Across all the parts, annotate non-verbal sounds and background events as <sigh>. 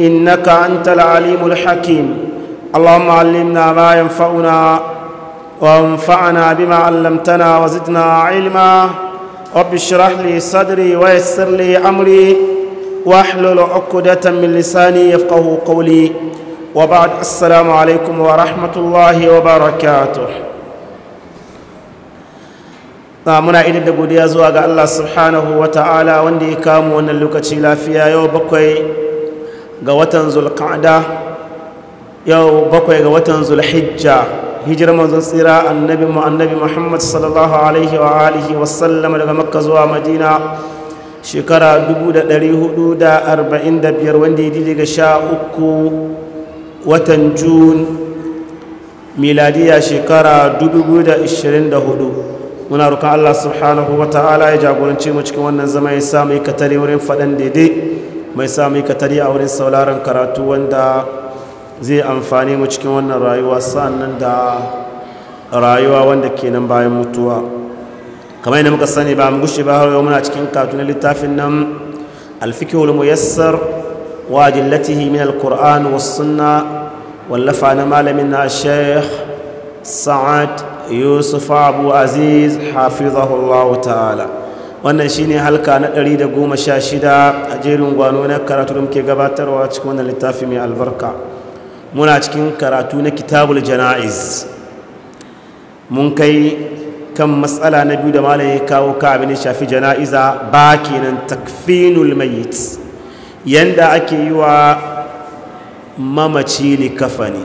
إنك أنت العليم الحكيم اللهم علمنا ما ينفعنا وانفعنا بما علمتنا وزدنا علما رب اشرح لي صدري ويسر لي أمري واحلل عقدة من لساني يفقه قولي وبعد السلام عليكم ورحمة الله وبركاته muna idan da godiya zuwa ga Allah subhanahu wa ta'ala wanda ya kamo wannan lokaci lafiya yau bakwai ga watan zulqa'da yau bakwai ga watan zulhijja hijirar manzon tsira annabi mu annabi muhammad sallallahu alaihi wa alihi wa sallama daga makka zuwa madina shekara 445 wanda ya dide ga sha uku watan jun miladiya shekara 2024 muna roƙon Allah subhanahu wa ta'ala ya jagoranci mu cikin wannan zama ya samu ikatare wurin faɗan daidai mai sami katari a wurin sauraron karatu wanda zai amfani mu cikin wannan rayuwa sa'annan da rayuwa wanda kenan bayan mutuwa kamar yadda muka sani ba mu gushe ba yau muna cikin karatu na littafin nan alfikihul muyassar wa adillatihi min alquran was sunna wallafa na malamin na sheikh sa'ad yusuf abu aziz hafizahullahu ta'ala wannan shine halka na 116 a jerin gwano na karatu da muke gabatarwa cikin wannan littafi mai albarka muna cikin karatu na kitabul jana'iz mun kai kan matsala na biyu da malam ya kawo ka abin da shafi jana'iza ba kenan takfinul mayit yanda ake yi wa mamaci likafani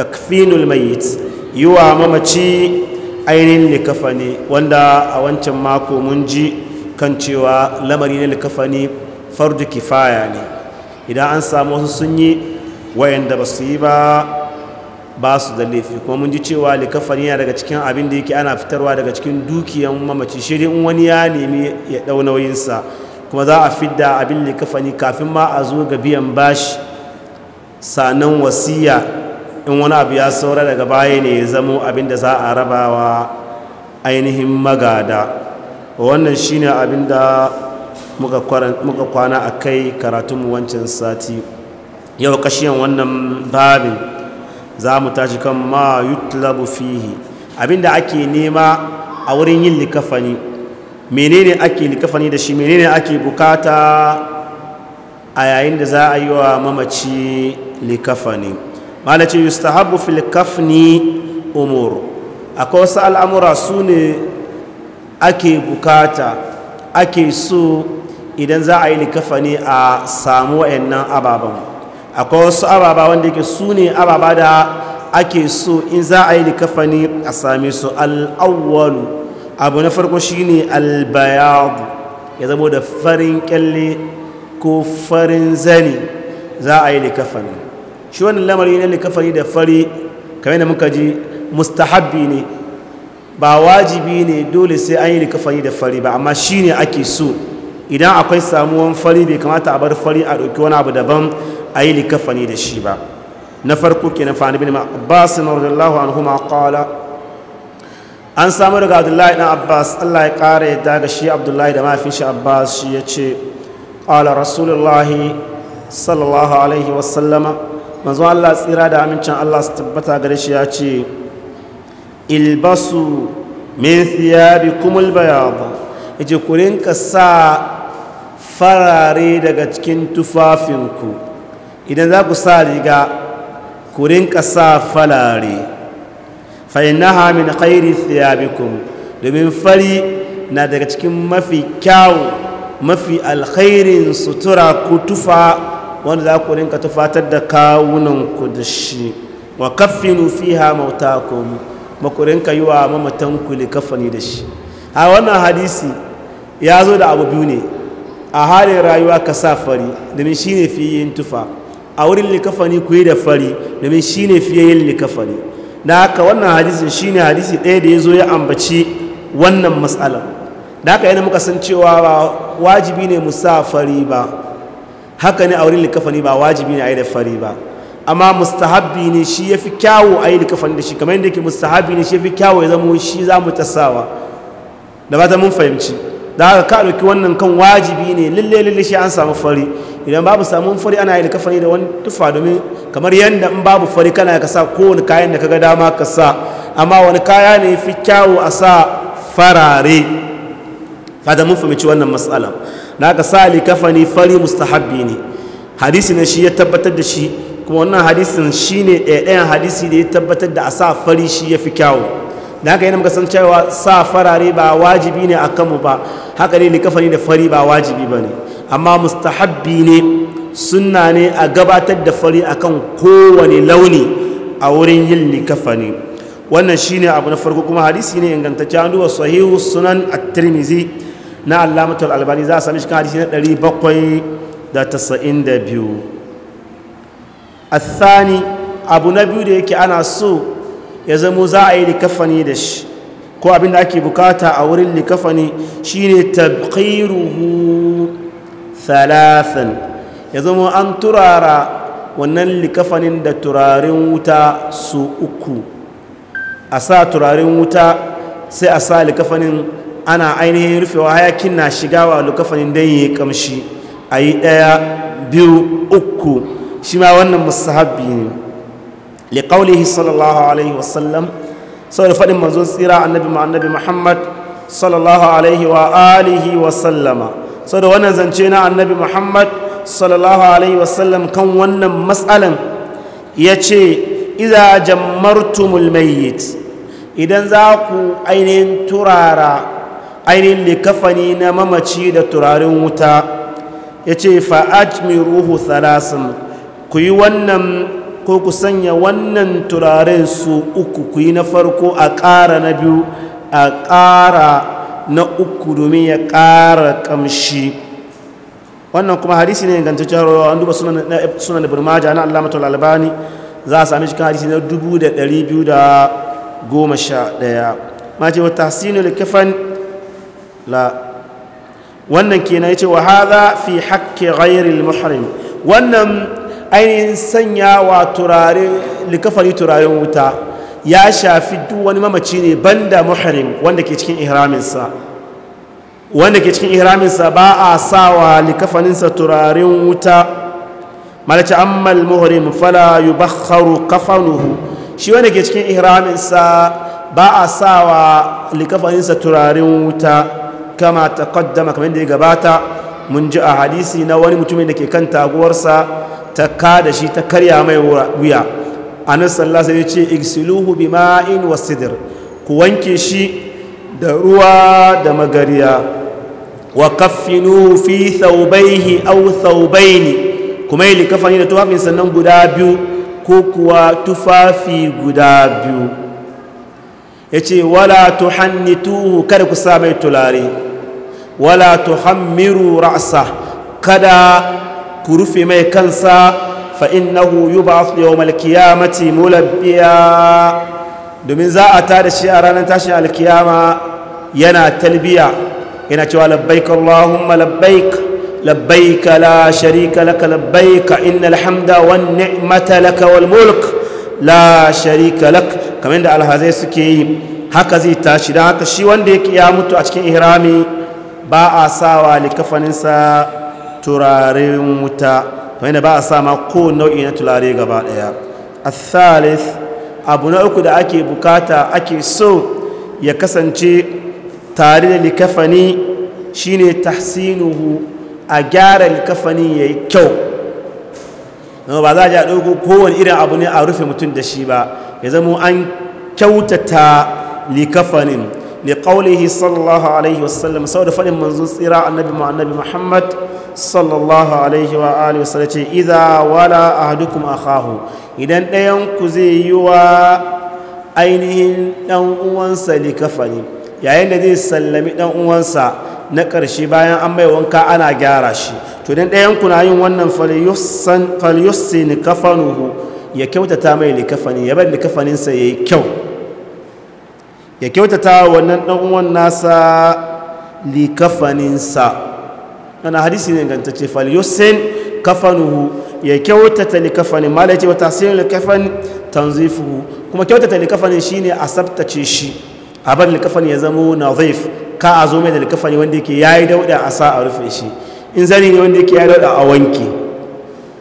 takfinul mayit yi wa mamaci ainihin likafani wanda a wancan mako mun ji kan cewa lamari na likafani fardu kifaya ne idan an samu wasu sun yi wayanda ba su yi ba ba su da laifi kuma mun ji cewa likafani yana daga cikin abin da yake ana fitarwa daga cikin dukiyan mamaci shirin wani ya nemi ya ɗau nauyinsa kuma za a fidda abin likafani kafin ma a zo ga biyan bashi sanan wasiya in wani abu ya saura daga baya ne ya zamo abin da za a rabawa ainihin magada wannan shine abin da muka kwana a kai karatunmu wancan sati yau kashiyan wannan babin za mu tashi kan ma yutlabu fihi abin da ake nema a wurin yin likafani menene ake likafani da shi menene ake bukata a yayin da za a yi wa mamaci likafani mala ce yustahabu fil kafni umur wasu al'amura su ne ake bukata ake so idan za a yi likafani a samu wa'annan ababen akwai wasu ababa wanda yake su ne ababa da ake so in za a yi likafani a same su al'awwalu abu na farko shine albayadu ya zama da farin kyalle ko farin zani za a yi likafani shi wannan lamari na likafani da fari kamar da muka ji mustahabbi ne ba wajibi ne dole sai an yi kafari da fari ba amma shi ne ake so idan akwai samuwan fari bai kamata a bar fari a ɗauki wani abu daban a yi likafani da shi ba na farko kenan fa'ani bin abbas radiyallahu an huma qala an samu daga abdullahi dan abbas Allah ya ƙara yadda ga shi abdullahi da mafi shi abbas shi ya ce, ala rasulullahi sallallahu alaihi wasallama manzo Allah tsira da amincin Allah su tabbata gare shi ya ce ilbasu min thiyabikum albayad yace ku rinka sa farare daga cikin tufafinku idan za ku sa riga ku rinka sa falare fa innaha min khairi thiyabikum domin fari na daga cikin mafi kyawu mafi alkhairin sutura ku tufa wanda za ku rinka tufatar da kawunanku da shi wa kaffinu fiha mautakum ba ku rinka yi wa mamatanku likafani da shi a wannan hadisi ya zo da abu biyu ne a halin rayuwa ka sa fari domin shi ne fiye yin tufa a wurin likafani ku yi da fari domin shi ne fiye yin likafani da haka wannan hadisin shi ne hadisi ɗaya da ya zo ya ambaci wannan matsalar da haka yana muka san cewa ba wajibi ne mu sa fari ba haka ne a wurin likafani ba wajibi ne a yi da fari ba amma mustahabi ne shi ya fi kyawo a yi likafani da shi kamar yadda ke mustahabi ne shi ya fi kyawo ya zama shi za mu tasawa da ba ta mun fahimci da haka ka ɗauki wannan kan wajibi ne lalle lalle shi an samu fari idan babu samun fari ana yi likafani da wani tufa domin kamar yadda in babu fari kana ka sa kowane kayan da ka ga dama ka sa amma wani kaya ne fi kyawo a sa farare kada mun fahimci wannan matsala na ka sali kafani fari mustahabbi ne hadisi ne shi ya tabbatar da shi kuma wannan hadisin shi ne ɗayan hadisi da ya tabbatar da a sa fari shi ya fi kyawu da haka yana muka san cewa sa farare ba wajibi ne a kanmu ba haka ne likafani da fari ba wajibi ba ne amma mustahabbi ne sunna ne a gabatar da fari akan kowane launi a wurin yin likafani wannan shine abu na farko kuma hadisi ne ingantacce an duba sahihu sunan at-tirmidhi na allamatul albani za a sami shi kan hadisi na 792 athani abu na biyu da yake ana so ya zamo za a yi likafani da shi ko abin da ake bukata a wurin likafani shine tabqiruhu thalathan ya zama an turara wannan likafanin da turaren wuta su uku a sa turaren wuta sai a sa likafanin ana ainihin rufewa hayakin na shigawa lukafanin don yi kamshi a yi ɗaya biyu uku shi ma wannan musahabi ne liƙaulihi sallallahu alaihi wasallam da faɗin manzon tsira annabi annabi muhammad sallallahu alaihi wa alihi wasallama da wannan zance na annabi muhammad sallallahu alaihi wasallam kan wannan matsalan ya ce iza jammartumul mayyit idan za ku ainihin turara ainihin likafani na mamaci da turaren wuta ya ce ruhu thalasin ku yi wannan ko ku sanya wannan turaren su uku ku yi na farko a ƙara na biyu a ƙara na uku domin ya ƙara ƙamshi wannan kuma hadisi ne ganta rawa an duba suna da majah na allamatul albani za a sami cikin hadisi na 2211 ma ce wa tahsinu likafan la wannan kenan yace wa hadha fi haqqi ghayri al-muhrim wannan ainihin sanya wa turare likafari turaren wuta ya shafi duk wani mamaci ne banda muhrim wanda ke cikin ihraminsa wanda ke cikin ihraminsa ba a sawa likafaninsa turaren wuta malaci ammal muhrim fala yubakharu kafanuhu shi wanda ke cikin ihraminsa ba a sawa likafaninsa turaren wuta kama ta taqaddama kamar da ya gabata mun ji a hadisi na wani mutumin da ke kan taguwarsa ta kada shi ta karya mai wuya anas sallallahu alaihi wasallam ya ce igsiluhu bima'in wasidir ku wanke shi da ruwa da magariya wa kaffinu fi thawbaihi aw thawbaini kuma yi likafani da tufafin sannan guda biyu ko kuwa tufafi guda biyu yace wala tuhannituhu kada ku sa mai tulare wala tuhammiru ra'asa kada ku rufe mai kansa fa innahu yub'ath yawm al-qiyamati mulabbiya domin za a tada shi a ranar tashin alkiyama yana talbiya yana cewa labbaik allahumma labbaik labbaik la sharika laka labbaik innal hamda wan ni'mata laka wal mulk la sharika lak kamar da alhazai suke yi haka zai tashi da haka shi wanda yake ya mutu a cikin ihrami ba a sawa likafaninsa turaren wuta wanda ba a sa ma ko nau'i na turare gaba daya athalith abu na uku da ake bukata ake so ya kasance tare da likafani shine tahsinuhu a gyara likafani yayi kyau ba za a ji a ɗauko kowane irin abu ne a rufe mutum da shi ba ya zama an kyautata likafanin liqaulihi sallallahu alaihi wasallam saboda faɗin manzon tsira annabi mu annabi muhammad sallallahu alaihi wa alihi wasallam ce idza wala ahadukum idan ɗayan ku zai yi wa ainihin dan uwansa likafani yayin da zai sallami ɗan uwansa na ƙarshe bayan an mai wanka ana gyara shi to dan ɗayan ku na yin wannan falyussin kafanuhu ya kyautata mai likafani ya bar likafaninsa ya yi kyau ya kyautata wannan dan uwan nasa likafaninsa ana hadisi ne gantacce fal yusin kafanuhu ya kyautata likafanin mala ya ce wata sai likafan tanzifuhu kuma kyautata likafanin shine a tsabtace shi a bar likafani ya zamo nazif ka a zo mai da likafani wanda yake yayi dauda a sa a rufe shi in zari ne wanda yake yayi dauda a wanke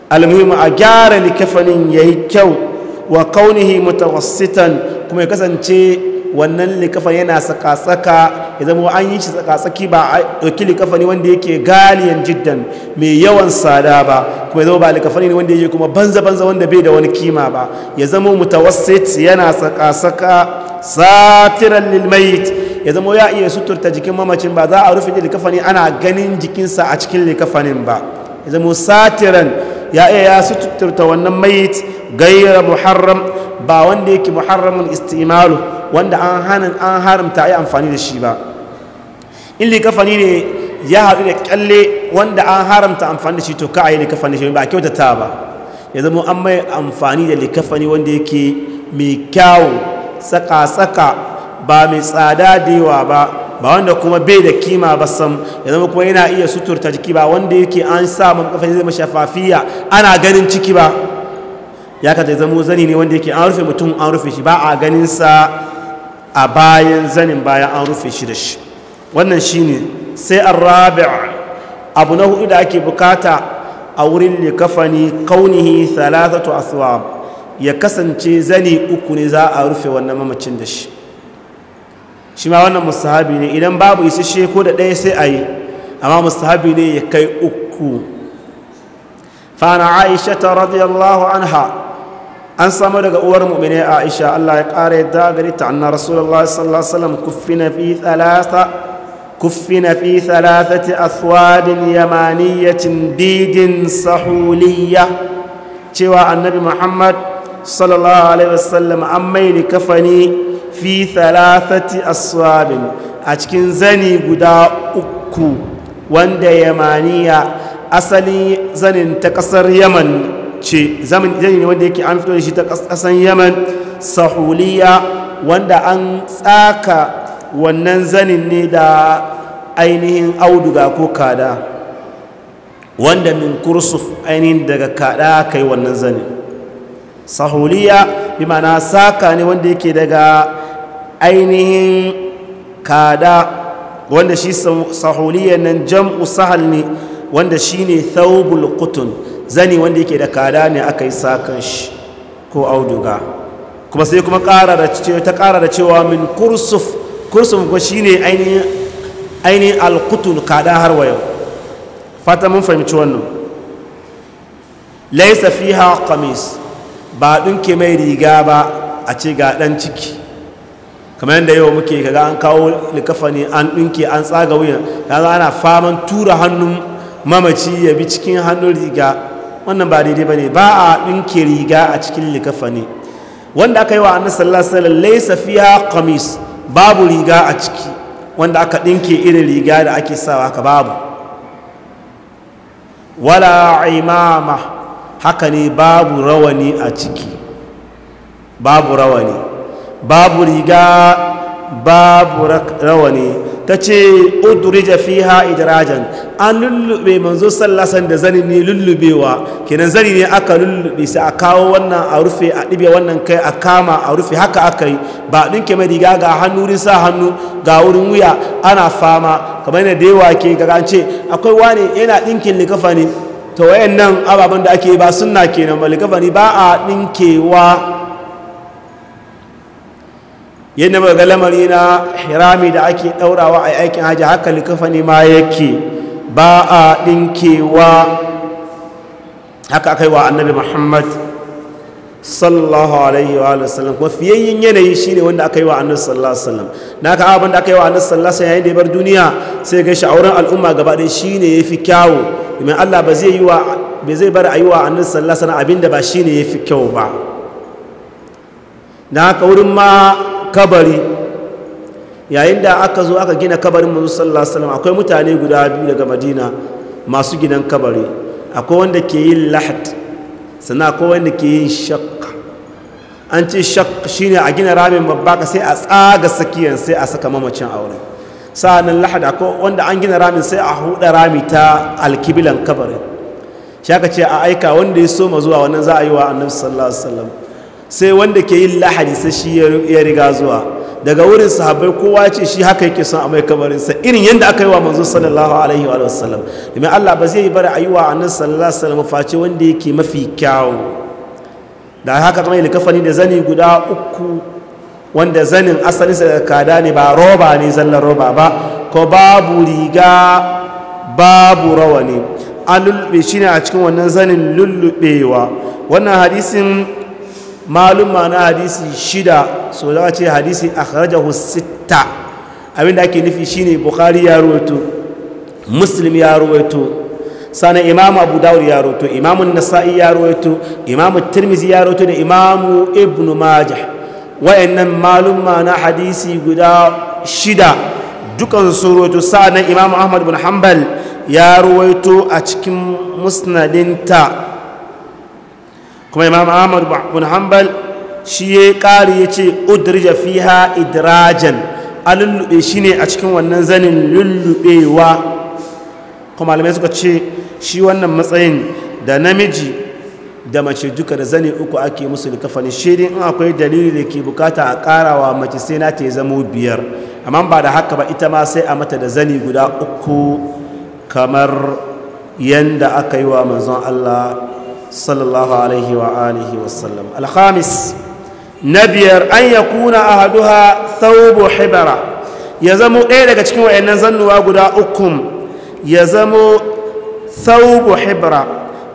almuhimu a gyara likafanin yayi kyau wa kaunihi mutawassitan kuma ya kasance wannan likafa yana tsaka-tsaka ya zama an yi shi tsaka-tsaki ba a ɗauki likafa ne wanda yake galiyan jiddan mai yawan sada ba kuma ya zama ba likafa ne wanda yake kuma banza-banza wanda bai da wani kima ba ya zama mutawassit yana tsaka-tsaka satiran lilmait ya zama ya iya suturta jikin mamacin ba za a rufe likafa ne ana ganin jikinsa a cikin likafanin ba ya zama satiran ya iya ya suturta wannan mait gaira muharram ba wanda yake muharramin istimalu wanda an hanin an haramta ya yi amfani da shi ba in kafani ne ya haɗu da kyalle wanda an haramta amfani da shi to ka a yi likafani shi ba a ta ba ya zama an mai amfani da likafani wanda yake mai kyawu tsaka-tsaka ba mai tsada da yawa ba ba wanda kuma bai da kima ba sam ya zama kuma yana iya suturta jiki ba wanda yake an sa kafa zai shafafiya ana ganin ciki ba ya kata zama zani ne wanda yake an rufe mutum an rufe shi ba a ganin sa. a bayan zanin bayan an rufe shi da shi wannan shi ne sai an rabi'a abu na hudu da ake bukata a wurin likafani kaunihi thalathatu aswab ya kasance zani uku ne za a rufe wannan mamacin da shi shi ma wannan musahabi ne idan babu isa ko da ɗaya sai a yi amma musahabi ne ya kai uku fana aisha ta radiyallahu anha an samu daga uwar mu'mini aisha Allah ya ƙara yadda gari ta anna rasulullahi sallallahu alaihi wasallam kuffina fi thalatha kuffina fi thalathati athwadin yamaniyatin bidin sahuliyya cewa annabi muhammad sallallahu alaihi wasallam an mai kafani fi thalathati aswabin a cikin zani guda uku wanda yamaniya asalin zanin ta ƙasar yaman ce zani ne wanda yake an fito da shi ta ƙasan yaman sahuliya wanda an tsaka wannan zanin ne da ainihin auduga ko kada wanda min kursuf ainihin daga kada kai yi wannan zanin sahuliya bi ma'ana saka ne wanda yake daga ainihin kada wanda shi sahuliya nan jam'u sahal ne wanda shi ne thaubul qutun zani wanda yake da kada ne aka yi sakan shi ko auduga kuma sai kuma ta kara da cewa min kursuf kursuf ko shi ne ainihin alkutun kada har wa yau fata mun fahimci wannan laisa fiha kamis ba ɗinke mai riga ba a ce ga ɗan ciki kamar yadda yau muke kaga an kawo likafani an ɗinke an tsaga wuyan kaga ana faman tura hannun mamaci ya bi cikin hannun riga wannan ba daidai ba ne ba a ɗinke riga a cikin likafa ne wanda aka yi wa annas sallallahu laisa fiya kamis babu riga a ciki wanda aka ɗinke irin riga da ake sawa ka babu wala imama haka ne babu rawani a ciki babu rawani babu riga babu rawani ta ce fi ha idirajen an lullube manzo sallasan da zani ne lullubewa kenan zani ne aka lullube sai a kawo wannan a rufe a ɗibe wannan kai a kama a rufe haka aka yi ba ɗinke mai riga ga hannu sa hannu ga wurin wuya ana fama kamar yana da yawa ke gaga ce akwai wani yana ɗinkin likafa ne to wayannan ababen da ake ba suna kenan ba likafa ne ba a ɗinkewa yadda ba ga lamari na hirami da ake ɗaurawa a aikin hajji haka likafani ma yake ba a dinkewa haka aka yi wa annabi muhammad sallallahu alaihi wa sallam kuma fiyayyen yanayi shi ne wanda aka yi wa annabi sallallahu alaihi wasallam na ka abin da aka yi wa annabi sallallahu alaihi wasallam yayin da ya bar duniya sai ga sha'awar al'umma gaba ɗaya ya yafi kyawu domin Allah ba zai yi wa ba zai bar a yi wa annabi sallallahu alaihi wasallam abinda ba shi ya yafi kyau ba na haka wurin ma kabari yayin da aka zo aka gina kabarin manzo sallallahu alaihi wasallam akwai mutane guda biyu daga madina masu gidan kabari akwai wanda ke yin lahat sannan akwai wanda ke yin shakka an ce shak shine a gina ramin babba ka sai a tsaga sakiyan sai a saka mamacin aure sa'annan lahad akwai wanda an gina ramin sai a huda rami ta alkibilan kabarin shaka ce a aika wanda ya so ma zuwa wannan za a yi wa annabi sallallahu alaihi wasallam sai wanda ke yin lahadi sai shi ya riga zuwa daga wurin sahabbai kowa ce shi haka yake son a mai sa irin yadda aka yi wa manzo sallallahu alaihi wa sallam domin Allah ba zai yi bari ayyuwa annabi sallallahu alaihi wa sallam face wanda yake mafi kyawu da haka kuma da zani guda uku wanda zanin asalinsa da kada ne ba roba ne zallan roba ba ko babu riga babu rawani an lulluɓe shi ne a cikin wannan zanin lullubewa wannan hadisin maluma na hadisi shida so za ce hadisi akhrajahu sitta abinda ake nufi shine bukari ya rawaito muslim ya rawaito sanan imamu abu dawud ya rawaito imam nasa'i ya rawaito imam tirmizi ya rawaito da imam ibn majah wayannan maluma na hadisi guda shida dukan su rawaito sanan imam ahmad bin hanbal ya rawaito a cikin musnadinta kuma imam ahmad bin hanbal shi ya ƙari ya ce udrija fiha idrajan a lullube shi ne a cikin wannan zanin lullubewa kuma alamai suka ce shi wannan matsayin da namiji da mace duka da zane uku ake musu da kafani shirin in akwai dalili da ke bukata a karawa mace sai na ta zamo biyar amma ba da haka ba ita ma sai a mata da zani guda uku kamar yanda aka yi wa manzon Allah sallallahu alaihi wa alihi alhamis na biyar an ya kuna a ha thaubu hibara ya zamo ɗaya daga cikin wa'annan zannuwa guda ukun ya zamo thaubu hibara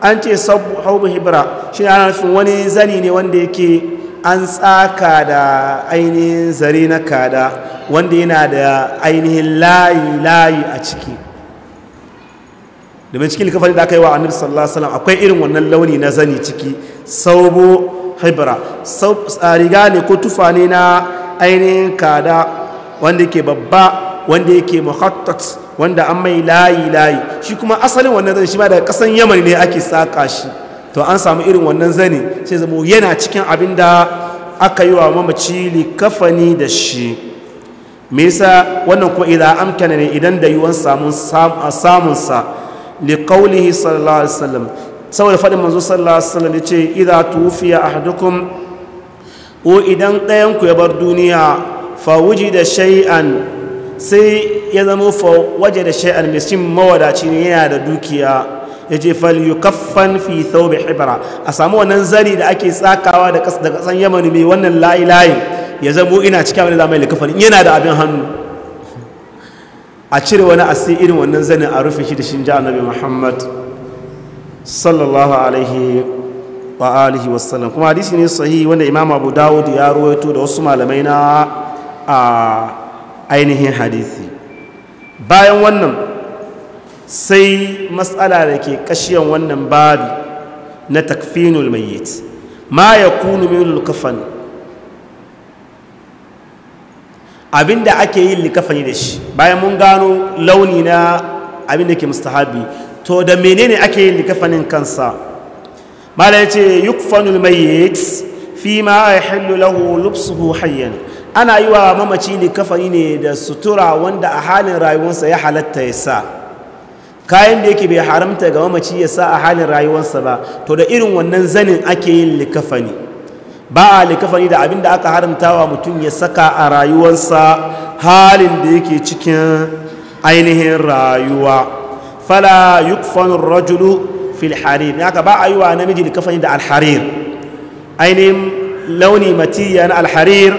an ce thaubu hibara shi ana nufin wani zani ne wanda yake an tsaka da ainihin zare na kada wanda yana da ainihin layi layi a ciki domin cikin likafari da aka yi wa annabi sallallahu alaihi wasallam akwai irin wannan launi na zani ciki saubo haibara riga ne ko tufa ne na ainihin kada wanda yake babba wanda yake muhattat wanda an mai layi layi shi kuma asalin wannan zani shi ma daga kasan yamani ne ake saka shi to an samu irin wannan zani sai zamo yana cikin abin da aka yi wa mamaci likafani da shi me yasa wannan kuma idan amkana ne idan da yiwuwan samun samunsa liƙaulihi sallallahu alaihi wasallam saboda faɗin manzo sallallahu alaihi wasallam ya ce idha tufiya ahadukum o idan ɗayan ku ya bar duniya fa wuji da shai'an sai ya zama fa waje da shay'an mai cin mawadaci ne yana da dukiya ya ce fal yukaffan fi thawbi hibra a samu wannan zari da ake tsakawa da kasan yaman mai wannan layi ya zama ina cikin abin da zama yana da abin hannu a cire wani asi irin wannan zanin a rufe shi da shi ji annabi muhammad sallallahu alaihi wa alihi wasallam kuma hadisi ne sahihi wanda imam abu dawud ya ruwaito da wasu malamai na a ainihin hadisi bayan wannan sai matsala da ke kashiyan wannan babi na takfinul mayyit ma ya kunu min lukafan? abinda ake yin likafani da shi bayan mun gano launi na abinda ke mustahabi to da menene ake yin likafanin kansa mala ya ce yukfanul mayyit fi ma ya lahu lubsuhu hayyan ana yi wa mamaci likafani ne da sutura wanda a halin rayuwarsa ya halatta ya sa kayan da yake bai haramta ga mamaci ya sa a halin rayuwarsa ba to da irin wannan zanin ake yin likafani ba a likafani da abin da aka haramtawa mutum ya saka a rayuwarsa halin da yake cikin ainihin rayuwa fala yukfanun rajulu fil harir haka ba a yi wa namiji likafani da alharir ainihin launi matiya na alharir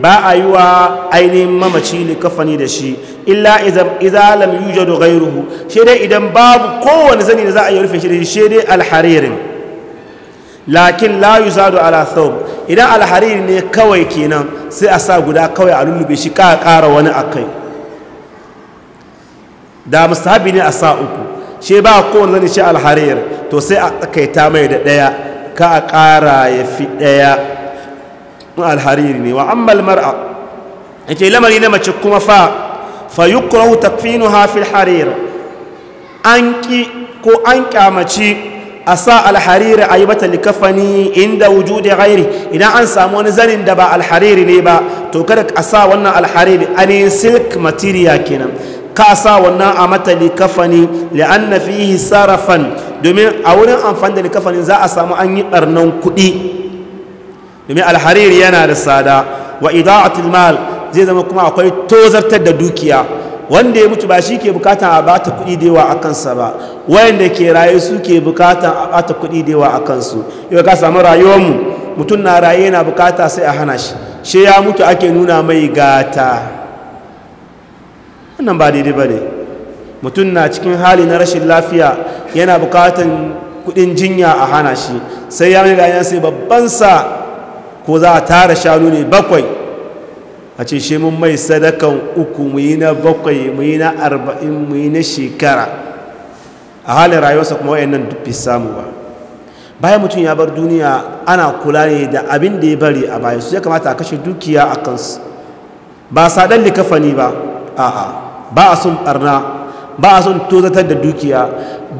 ba a yi wa ainihin mamaci likafani da shi illa iza lam yujadu gairuhu shi dai idan babu kowane zani da za a yi rufe shi da shi dai alharirin lakin la yuzadu ala thawb idan alhariri ne kawai kenan sai a sa guda kawai a lullube shi ka kara wani a kai da mustahabi ne a sa uku shi ba kowane zane shi alhariri to sai a tsakaita mai da ɗaya ka a kara ya fi ɗaya alhariri ne wa ammal mar'a yake lamari na mace kuma fa fa yukrahu tafinu hafil harir an ki ko an kyamaci a sa alhariri a yi mata likafani inda wujudi ghairi idan an samu wani zanin da ba alhariri ne ba to kada asa wannan alhariri ainihin silk material kenan ka asa wannan a mata likafani li'anna fihi sarafan domin a wurin amfani da likafani za a samu an yi barnan kuɗi domin alhariri yana da tsada wa ida'atul mal zai zama kuma akwai tozartar da dukiya wanda ya mutu ba shi ke bukatan a bata kuɗi da yawa a kansa ba wayanda ke raye su ke bukatan a bata kuɗi da yawa a kansu yau ka samu mu mutum na raye na bukata sai a hana shi shi ya mutu ake nuna mai gata wannan ba daidai ba ne mutum na cikin hali na rashin lafiya yana bukatan kuɗin jinya a hana shi sai ya mai gayan sai babban sa ko za a tara shanu ne bakwai a ce shi mun mai sadakan uku mu yi na bakwai mu yi na arba'in mu yi na shekara a halin rayuwarsa kuma wayannan nan bai samu ba bayan mutum ya bar duniya ana kula ne da abin da ya bari a baya su ya kamata a kashe dukiya a kansu ba sadan likafani ba a'a ba a son barna ba a son tozatar da dukiya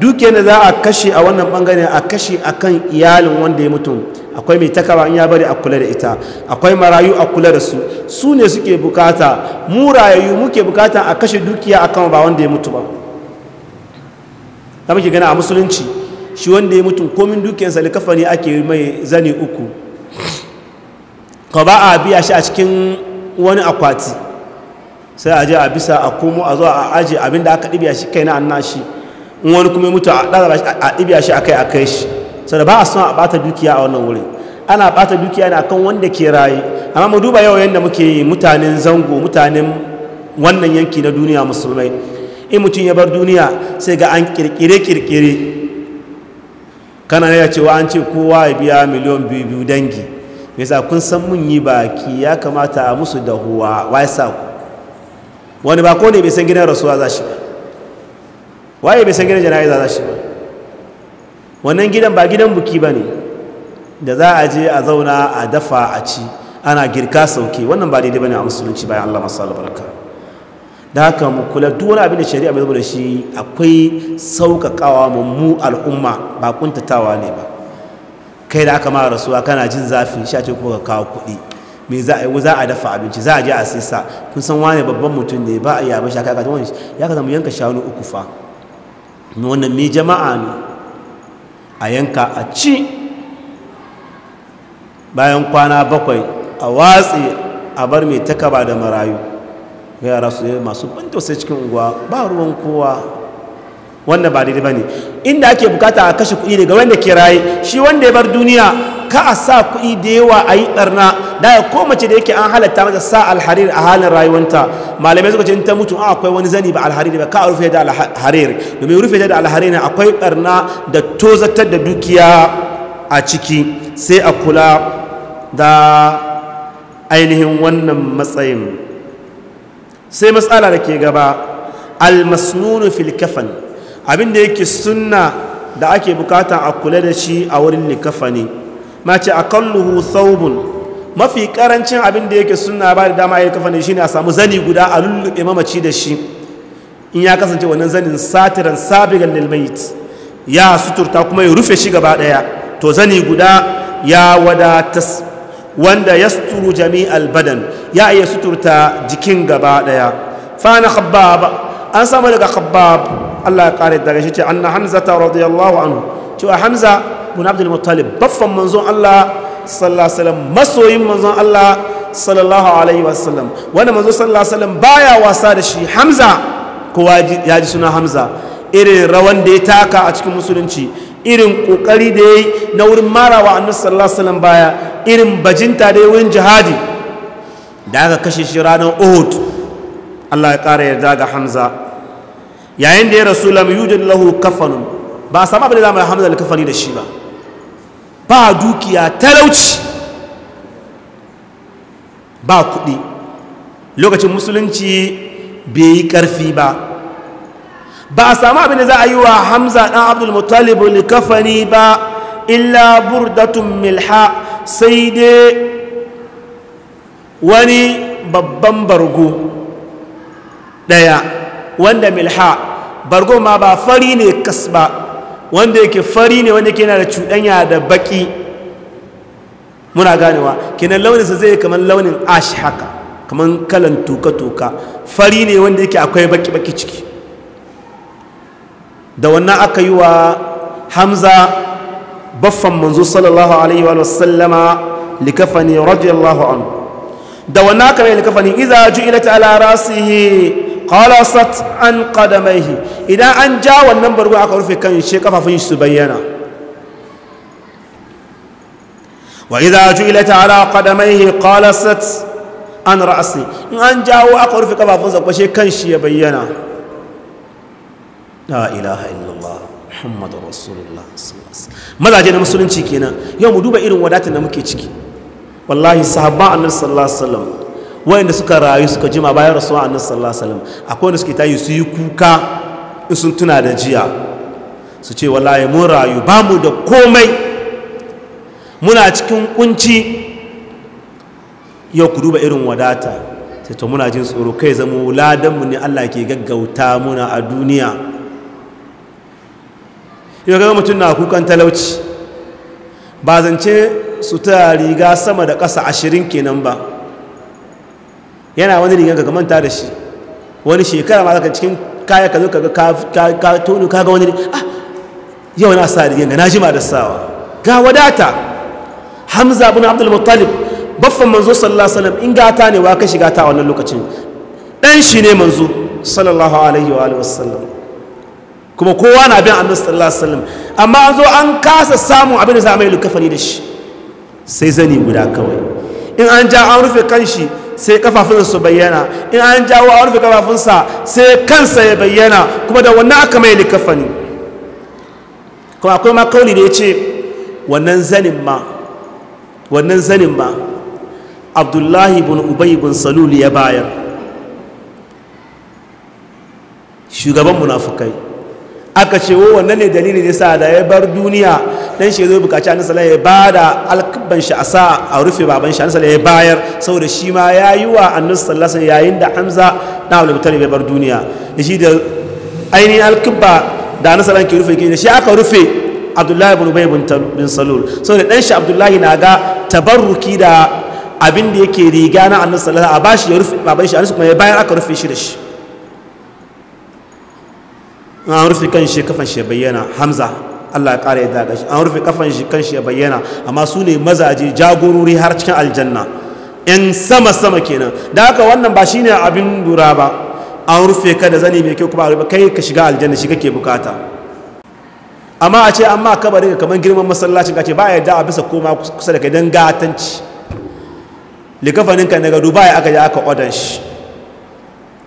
dukiya da za a kashe a wannan bangare a kashe akan iyalin wanda ya mutum akwai mai takawa in ya bari a kula da ita akwai marayu a kula da su su ne suke bukata mu rayayu muke bukata a kashe dukiya akan ba wanda ya mutu ba da muke gana a musulunci shi wanda ya mutu komin dukiyarsa likafa ne ake mai zane uku ka ba a biya shi a cikin wani akwati sai a je a bisa a komo a zuwa a aji abinda aka ɗibiya shi kai na annashi wani kuma ya mutu a a ɗibiya shi a kai a kai shi sada ba a suna a bata dukiya a wannan wurin ana bata dukiya ne akan wanda ke raye amma mu duba yau yadda muke mutanen zango mutanen wannan yanki na duniya musulmai in mutum ya bar duniya sai ga an kirkire kirkire kana ya cewa an ce kowa ya biya miliyon biyu biyu dangi me yasa kun san mun yi baki ya kamata a musu da huwa wai sa ku wani ba ko ne bai san gidan rasuwa za shi ba waye bai san gidan jana'iza za shi ba wannan gidan ba gidan buki ba ne da za a je a zauna a dafa a ci ana girka sauke wannan ba daidai ba ne a musulunci bayan allah masu albarka da haka mu kula duk wani abin da shari'a bai da shi akwai sauƙaƙawa mu al'umma ba kuntatawa ne ba kai da aka mara rasuwa kana jin zafi sha ce kuma ka kawo kuɗi me za a yi za a dafa abinci za a je a sai sa kun san wani babban mutum ne ba a yi abin shaka ka wani ya ka zama yanka shanu uku fa wannan me jama'a ne a yanka a ci bayan kwana bakwai a watsi a bar mai takaba da marayu yara su masu ban tausayi cikin unguwa ba ruwan kowa Wanda ba daidai ba ne inda ake bukata a kashe kuɗi daga wanda ke raye shi wanda ya bar duniya ka a sa kuɗi da yawa a yi ɓarna da ya ko mace da yake an halatta mata sa alharir a halin rayuwanta malamai suka ce in ta mutu an akwai wani zani ba alharir ba ka a rufe da alharir domin rufe da alharir ne akwai ɓarna da tozatar da dukiya a ciki sai a kula da ainihin wannan matsayin sai matsala da ke gaba almasnunu filkafan. abin da yake sunna da ake bukata a kula da shi a wurin likafani mace akalluhu thawbun mafi karancin abin da yake sunna ba da dama ya kafani shine a samu zani guda a lullube mamaci da shi in ya kasance wannan zanin satiran sabigan lil ya suturta kuma ya rufe shi gaba daya to zani guda ya wadatas wanda ya suturu jami'al badan ya iya suturta jikin gaba daya fa na khabbab an sama daga khabbab Allah ya kare daga shi ce anna hamza ta radiyallahu anhu cewa hamza bin abdul muttalib baffan manzon Allah sallallahu alaihi wasallam masoyin manzon Allah sallallahu alaihi wasallam wanda manzon sallallahu alaihi wasallam baya wasa da shi hamza kowa ya ji suna hamza irin rawan da ya taka a cikin musulunci irin kokari da yayi na wurin marawa annabi sallallahu alaihi wasallam baya irin bajinta da wurin jihadi da aka kashe shi ranar Uhud Allah ya kara yarda ga Hamza yayin da ya rasu lam yujad lahu kafanun ba a samu abin da za mu hamza da shi ba ba dukiya talauci ba kuɗi lokacin musulunci bai yi karfi ba ba a samu abin da za a yi wa hamza ɗan abdul ne kafani ba illa burdatun milha sai dai wani babban bargo ɗaya wanda milha bargo ma ba fari ne kasba. wanda yake fari ne wanda yake yana da cuɗanya da baki muna ganewa kenan launinsa zai kamar launin ash haka kamar kalan tuka-tuka fari ne wanda yake akwai baki-baki ciki da wannan aka yi wa hamza baffan manzo sallallahu alaihi wa sallama likafani radiyallahu anhu da wannan aka yi likafani iza ju'ilat ala rasihi qalasat an qadamaihi idan an ja wannan bargo aka rufe kan shi kafafun shi su bayyana wa idza ju'ilat ala qadamaihi qalasat an ra'si in an jawo aka rufe kafafun sa kwashe kan shi ya bayyana la ilaha illallah muhammadur rasulullah sallallahu alaihi wasallam mazaje na musulunci kenan yau mu duba irin wadatar da muke ciki wallahi sahabba annabi sallallahu alaihi wasallam wayanda suka rayu suka jima bayan rasuwa annan sallallahu akwai wanda suke yi su yi kuka in sun tuna da jiya su ce wallahi mun rayu ba mu da komai muna cikin kunci yau ku duba irin wadata sai to muna jin tsoro kai zama ladanmu ne Allah ke gaggauta muna a duniya yau gaba mutum na kukan talauci ba zance su ta riga sama da ƙasa ashirin kenan ba yana wani rigan ka manta da shi wani shekara ma zaka cikin kaya ka zo ka ga ka ka ga wani ah yau na sa rigan na jima da sawa ga wadata hamza bin abdul muttalib baffan manzo sallallahu alaihi wasallam in gata ne wa ka shiga ta a wannan lokacin dan shi ne manzo sallallahu alaihi wa alihi wasallam kuma kowa na bin annabi sallallahu alaihi wasallam amma an zo an kasa samun abin da za a mai lukafani da shi sai zani guda kawai in an ja an rufe kanshi sai kafafunsa su bayyana in an jawo a rufe kafafunsa sai kansa ya bayyana kuma da wannan aka mai likafani kuma akwai ma kauli da ya ce wannan zanin ma wannan zanin ma abdullahi bin ubay bin saluli ya bayar shugaban munafukai aka ce wo oh, wannan ne dalilin yasa da ya bar duniya dan shi zo bukaci annabi sallallahu alaihi wasallam ya bada alkabban shi a sa a rufe baban shi annabi ya bayar saboda shi ma yayi wa annabi sallallahu alaihi wasallam yayin da Hamza da Abdul Muttalib ya bar duniya da shi da ainihin alkabba da annabi sallallahu alaihi wasallam ke rufe da shi aka rufe Abdullahi ibn Ubay bin Salul saboda dan shi Abdullahi na ga tabarruki da abin da yake riga na annabi sallallahu alaihi wasallam a bashi ya rufe baban shi annabi kuma ya bayar aka rufe shi da shi an rufe kan shi kafan shi bayyana hamza Allah ya kare da gashi an rufe kafan shi kan shi bayyana amma su ne mazaje jagorori har cikin aljanna in sama sama kenan da haka wannan ba shine abin dura ba an rufe ka da zani mai kyau kuma rufe kai ka shiga aljanna shi kake bukata amma a ce amma kabarin kamar girman masallacin ka ce ba ya da a bisa koma kusa da kai don gatanci likafaninka na gado ba aka yi aka odan shi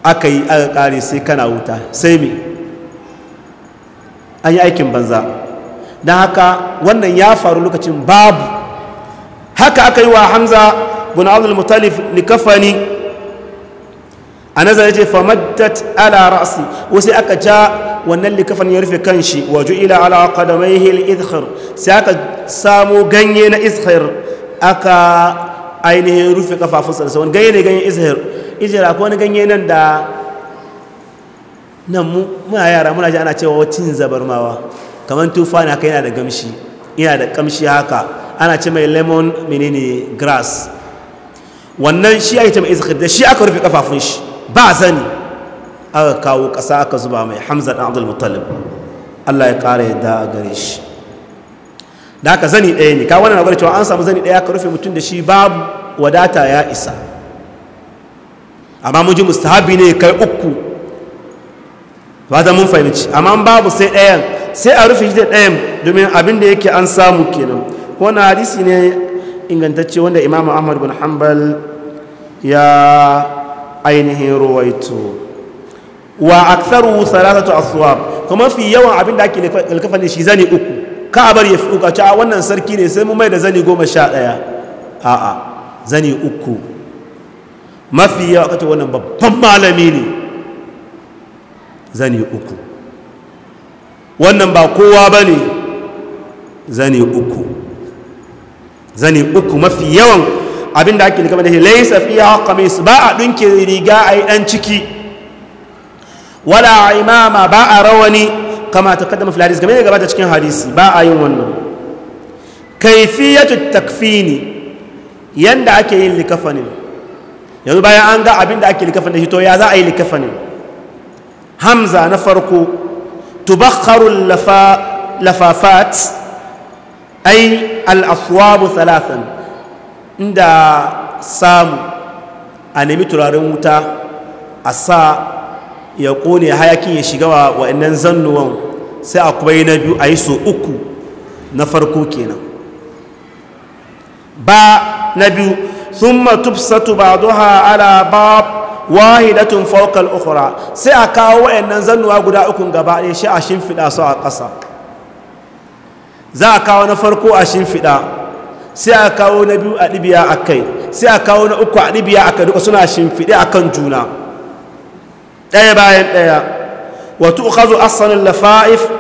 aka yi aka kare sai kana wuta sai me an yi aikin banza don haka wannan ya faru lokacin babu haka aka yi wa hamza bin abdul mutalif likafani a nazarin ce famadat ala rasi wasu aka ja wannan likafan ya rufe kanshi waju ila ala kadamai hil izhar sai aka samu ganye na izhar aka ainihin rufe kafafunsa da sauran ganye ne ganyen izhar izhar akwai wani ganye nan da nan muna yara muna ji ana cewa cin zabarmawa kamar tufa na kai yana da gamshi yana da kamshi haka ana ce mai lemon menene grass wannan shi ake ce mai izikir da shi aka rufe kafafun shi ba zani aka kawo ƙasa aka zuba mai hamza ɗan abdul allah ya ƙara yadda a gare shi da haka zani ɗaya ne kawo wannan na cewa an samu zani ɗaya aka rufe mutum da shi babu wadata ya isa amma mun ji mustahabi ne kai uku fata mun fahimci amma babu sai ɗayan sai a rufe shi ɗayan domin abin da yake an samu kenan na hadisi ne ingantacce wanda imam ahmad bin hanbal ya ainihin ruwaito wa aktharu thalathatu aswab kuma fi yawan abin da ake alkafani shi zane uku ka bar ya fi uku a ci a wannan sarki ne sai mu mai da zani goma sha ɗaya a'a zani uku mafi yawa kata wannan babban malami ne zani uku wannan ba kowa ba ne zani uku zani uku mafi yawan abinda ake nikama da laisa fiya kamis ba a ɗinke riga a yi ɗan ciki wala imama ba a rawani kama ta kaddama fil hadisi game da gabata cikin hadisi ba a yin wannan kaifi ya kaifiyatu takfini yadda ake yin likafanin yanzu bayan an ga abinda ake likafanin shi to ya za a yi likafanin hamza na farko tubakharul lafafat ai al'aswabu thalathan inda samu a nemi turaren wuta a sa ya kone hayakin ya shiga wa wa'annan zannuwan sai a kubai na biyu a yi so uku na farko kenan ba na biyu sun matubsa ba duha ala ba wahidatun fawqa al-ukhra sai a kawo wayannan zannuwa guda ukun gaba ɗaya shi a shimfiɗa su a ƙasa za a kawo na farko a shimfiɗa sai a kawo na biyu a ɗibiya a kai sai a kawo na uku a ɗibiya a kai duka suna shimfiɗe a kan juna ɗaya bayan ɗaya wato ukazu asalin lafa'if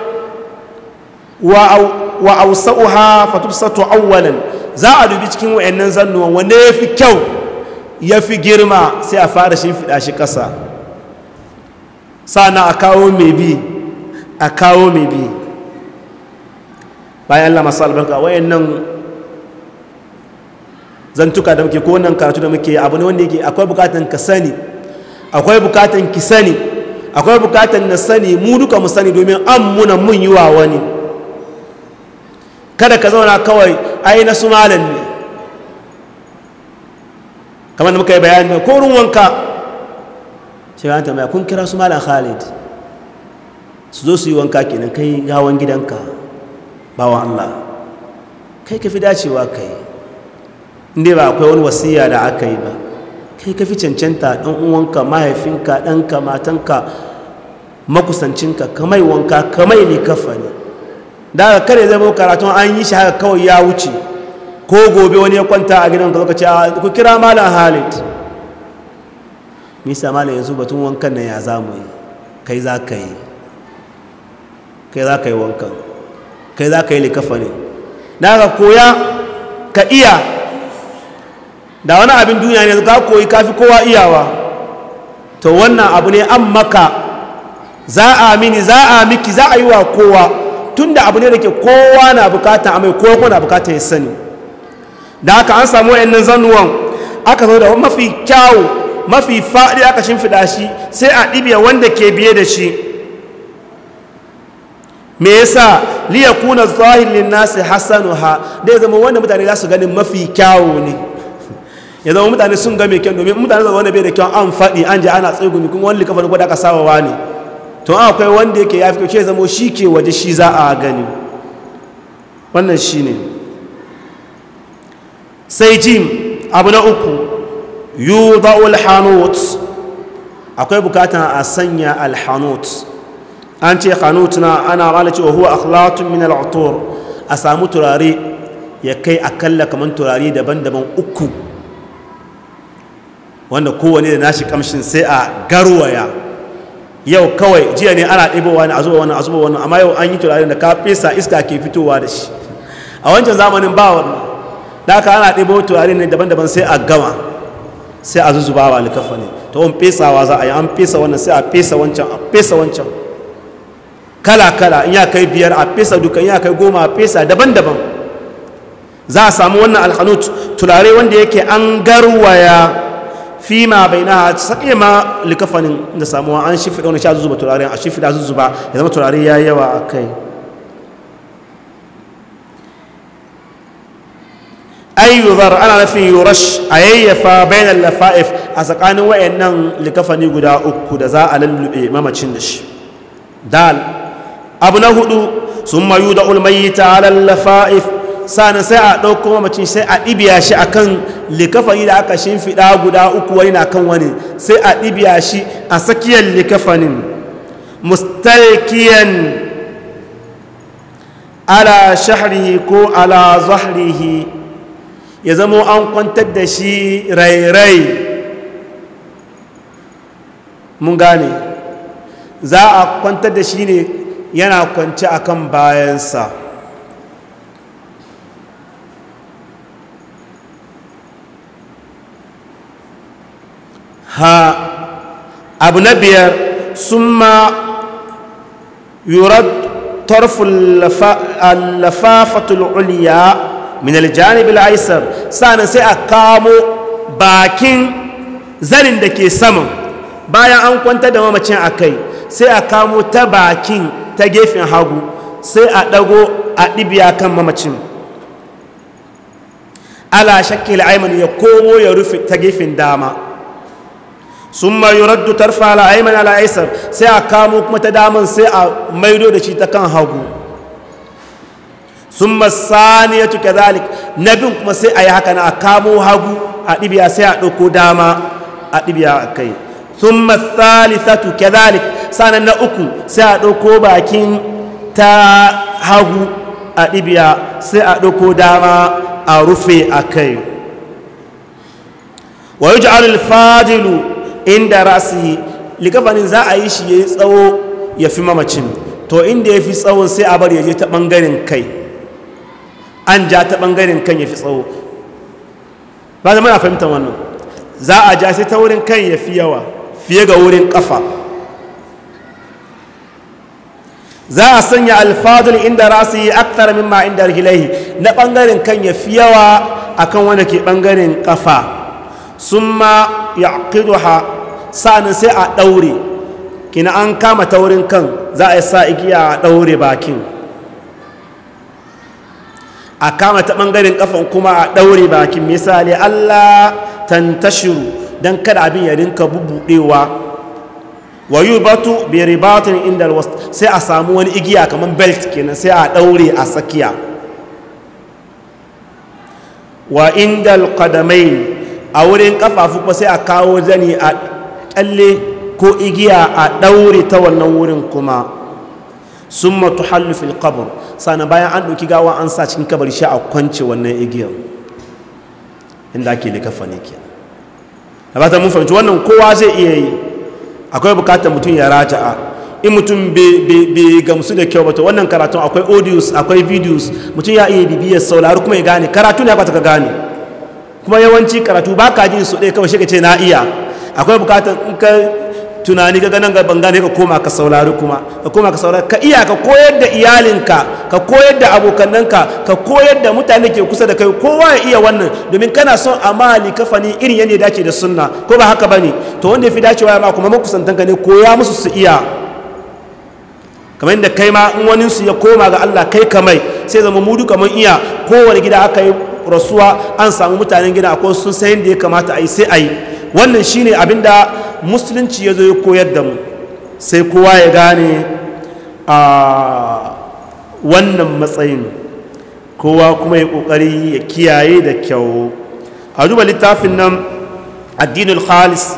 wa ausa'uha fatubsatu awwalin za a dubi cikin wa'annan zannuwa wanda ya fi kyau ya fi girma sai a fara shimfiɗa shi ƙasa sana a kawo mai bi a kawo mai bi bayan Allah masu albarka wayan nan zantuka da muke ko nan karatu da muke abu ne wanda yake akwai bukatan ka sani akwai bukatan ki sani akwai bukatan na sani mu duka mu sani domin an muna mun yi wa wani kada ka zauna kawai ai na su malam ne kamar da muka yi bayani ko korin wanka sai ta mai kun kira su mala khalid su zo su yi wanka kenan kai gawon gidanka bawa allah kai ka fi dacewa ka yi inda ba akwai wani wasiya da aka yi ba kai ka fi cancanta ɗan uwanka mahaifinka ɗanka matanka makusancinka kamai wanka kamai ne kafa ne da aka kare zama karatun an yi shi haka kawai ya wuce ko gobe wani ya kwanta a gidan ka ce ku kira malam halid misa malam yanzu batun wankan nan ya zamu yi kai za ka yi kai za ka yi wankan kai za ka yi likafa ne na ga koya ka iya da wani abin duniya ne ka koyi kafi kowa iyawa to wannan abu ne an maka za a mini za a miki za a yi wa kowa tunda abu ne da ke kowa na bukata amai kowa na bukata ya sani da haka an samu wayannan zannuwan aka zo da mafi kyawu mafi faɗi aka shimfiɗa shi sai a ɗibiya wanda ke biye da shi me yasa liya kuna zahirin nasu hassanu ha da ya zama wanda mutane za su gani mafi kyawu ne ya zama mutane sun ga mai kyan domin mutane zama wanda bai da kyan an faɗi an ji ana tsegumi kuma wani likafa da aka sawawa ne to akwai wanda yake ya fi kyau shi zama shi ke waje shi za a gani wannan shi ne sai jim abu na uku yudau alhanut akwai bukatan a sanya alhanut an ce hanut na ana rana cewa huwa akhlatun min al'utur a samu turare ya kai akalla kamar turare daban-daban uku wanda kowane da nashi kamshin sai a garwaya yau kawai jiya ne ana ɗibowa ne a zuba wannan a zuba wannan amma yau an yi turare da ka fesa iska ke fitowa da shi a wancan zamanin ba wannan da aka ana ɗibo turare ne daban-daban sai a gama sai a zuzuba wa alikafa ne ta wani fesawa za a yi an fesa wannan sai a fesa wancan a fesa wancan kala-kala in ya kai biyar a fesa dukkan ya kai goma a fesa daban-daban za a samu wannan alhanut turare wanda yake an garwaya fi ma bai na saƙe ma likafanin da samuwa an shifi da wani sha zuzuba turare a shifi da zuzuba ya zama turare ya yawa a kai ay yuzar ana nufin yurash a yayyafa bainal lafa'if a tsakanin wayannan likafani guda uku da za a lallube mamacin da shi dal abu na hudu summa yuda'ul mayyita ala lafa'if sanan sai a ɗauko mamacin sai a ɗibiya shi akan likafani da aka shimfiɗa guda uku wani na kan wani sai a ɗibiya shi a tsakiyar likafanin mustalkiyan ala shahrihi ko ala zahrihi ya zamo an kwantar da shi rairai mun gane za a kwantar da shi ne yana kwanci akan bayansa ha abu na biyar sun ma yurar torfin lafafatul min aljanibil aisar sanan sai a kamo bakin zanin da ke saman bayan an kwanta da mamacin a kai sai a kamo ta bakin ta gefen hagu sai a dago a ɗibiya kan mamacin ala shakki aiman ya komo ya rufe ta gefen dama sun mayu raddutar raddu tarfa ala sai a kamo kuma ta daman sai a maido da shi ta kan hagu sun masani ya tuka zalik na bin kuma sai a yi haka na a kamo hagu a ɗibiya sai a ɗauko dama a ɗibiya a kai sun masali sa tuka zalik sanan na uku sai a ɗauko bakin ta hagu a ɗibiya sai a ɗauko dama a rufe a kai wa yi al fajilu inda rasihi likafanin za a yi shi ya yi tsawo ya fi mamacin to inda ya fi tsawon sai a bar ya je ta ɓangaren kai an ja ta ɓangaren kan ya fi tsawo ba zama na fahimtar wannan za a ja sai ta wurin kan ya fi yawa fiye ga wurin ƙafa za a sanya alfadul inda rasu yi aktar mimma inda rigilahi na ɓangaren kan ya fi yawa a kan wanda ke ɓangaren ƙafa sun ma ya ha sa'anin sai a ɗaure kina an kama taurin kan za a yi sa igiya a ɗaure bakin a kama ta ɓangaren kafan kuma a ɗaure bakin misali allah tantashiru don kada abin ya rinka buɗewa. wa yi batu bai ribatun inda sai a samu wani igiya kamar belt kenan sai a ɗaure a tsakiya wa inda alƙadamai a wurin ƙafafu kuma sai a kawo zani a ƙalle ko igiya a ɗaure ta wannan wurin kuma summa tuhallu fil kabur sana bayan an ɗauki gawa an sa cikin kabar shi a kwance wannan igiyar inda ake likafa ne ke da ba ta mun fahimci wannan kowa zai iya yi akwai bukatar mutum ya a in mutum bai gamsu da kyau bata wannan karatun akwai audios akwai videos mutum ya iya bibiyar saurari kuma ya gane karatu ne kwata ka gane kuma yawanci karatu ba ka ji su ɗaya kawai shi ka ce na iya akwai bukatar in ka tunani ga ganin ga bangane ka koma ka saurari kuma ka koma ka saurari ka iya ka koyar da iyalinka ka koyar da abokannanka ka koyar da mutane ke kusa da kai kowa ya iya wannan domin kana son amali kafani irin yadda ya dace da sunna ko ba haka bane to wanda ya fi dacewa ma kuma ka ne koya musu su iya kamar yadda kai ma in wani su ya koma ga Allah kai kamai sai zama mudu duka mun iya kowane gida aka yi rasuwa an samu mutanen gida akwai sun san yadda ya kamata a yi sai a yi wannan shine abinda musulunci ya zo ya koyar da mu sai kowa ya gane a wannan matsayin kowa kuma ya kokari ya kiyaye da kyau a duba littafin nan addinul khalis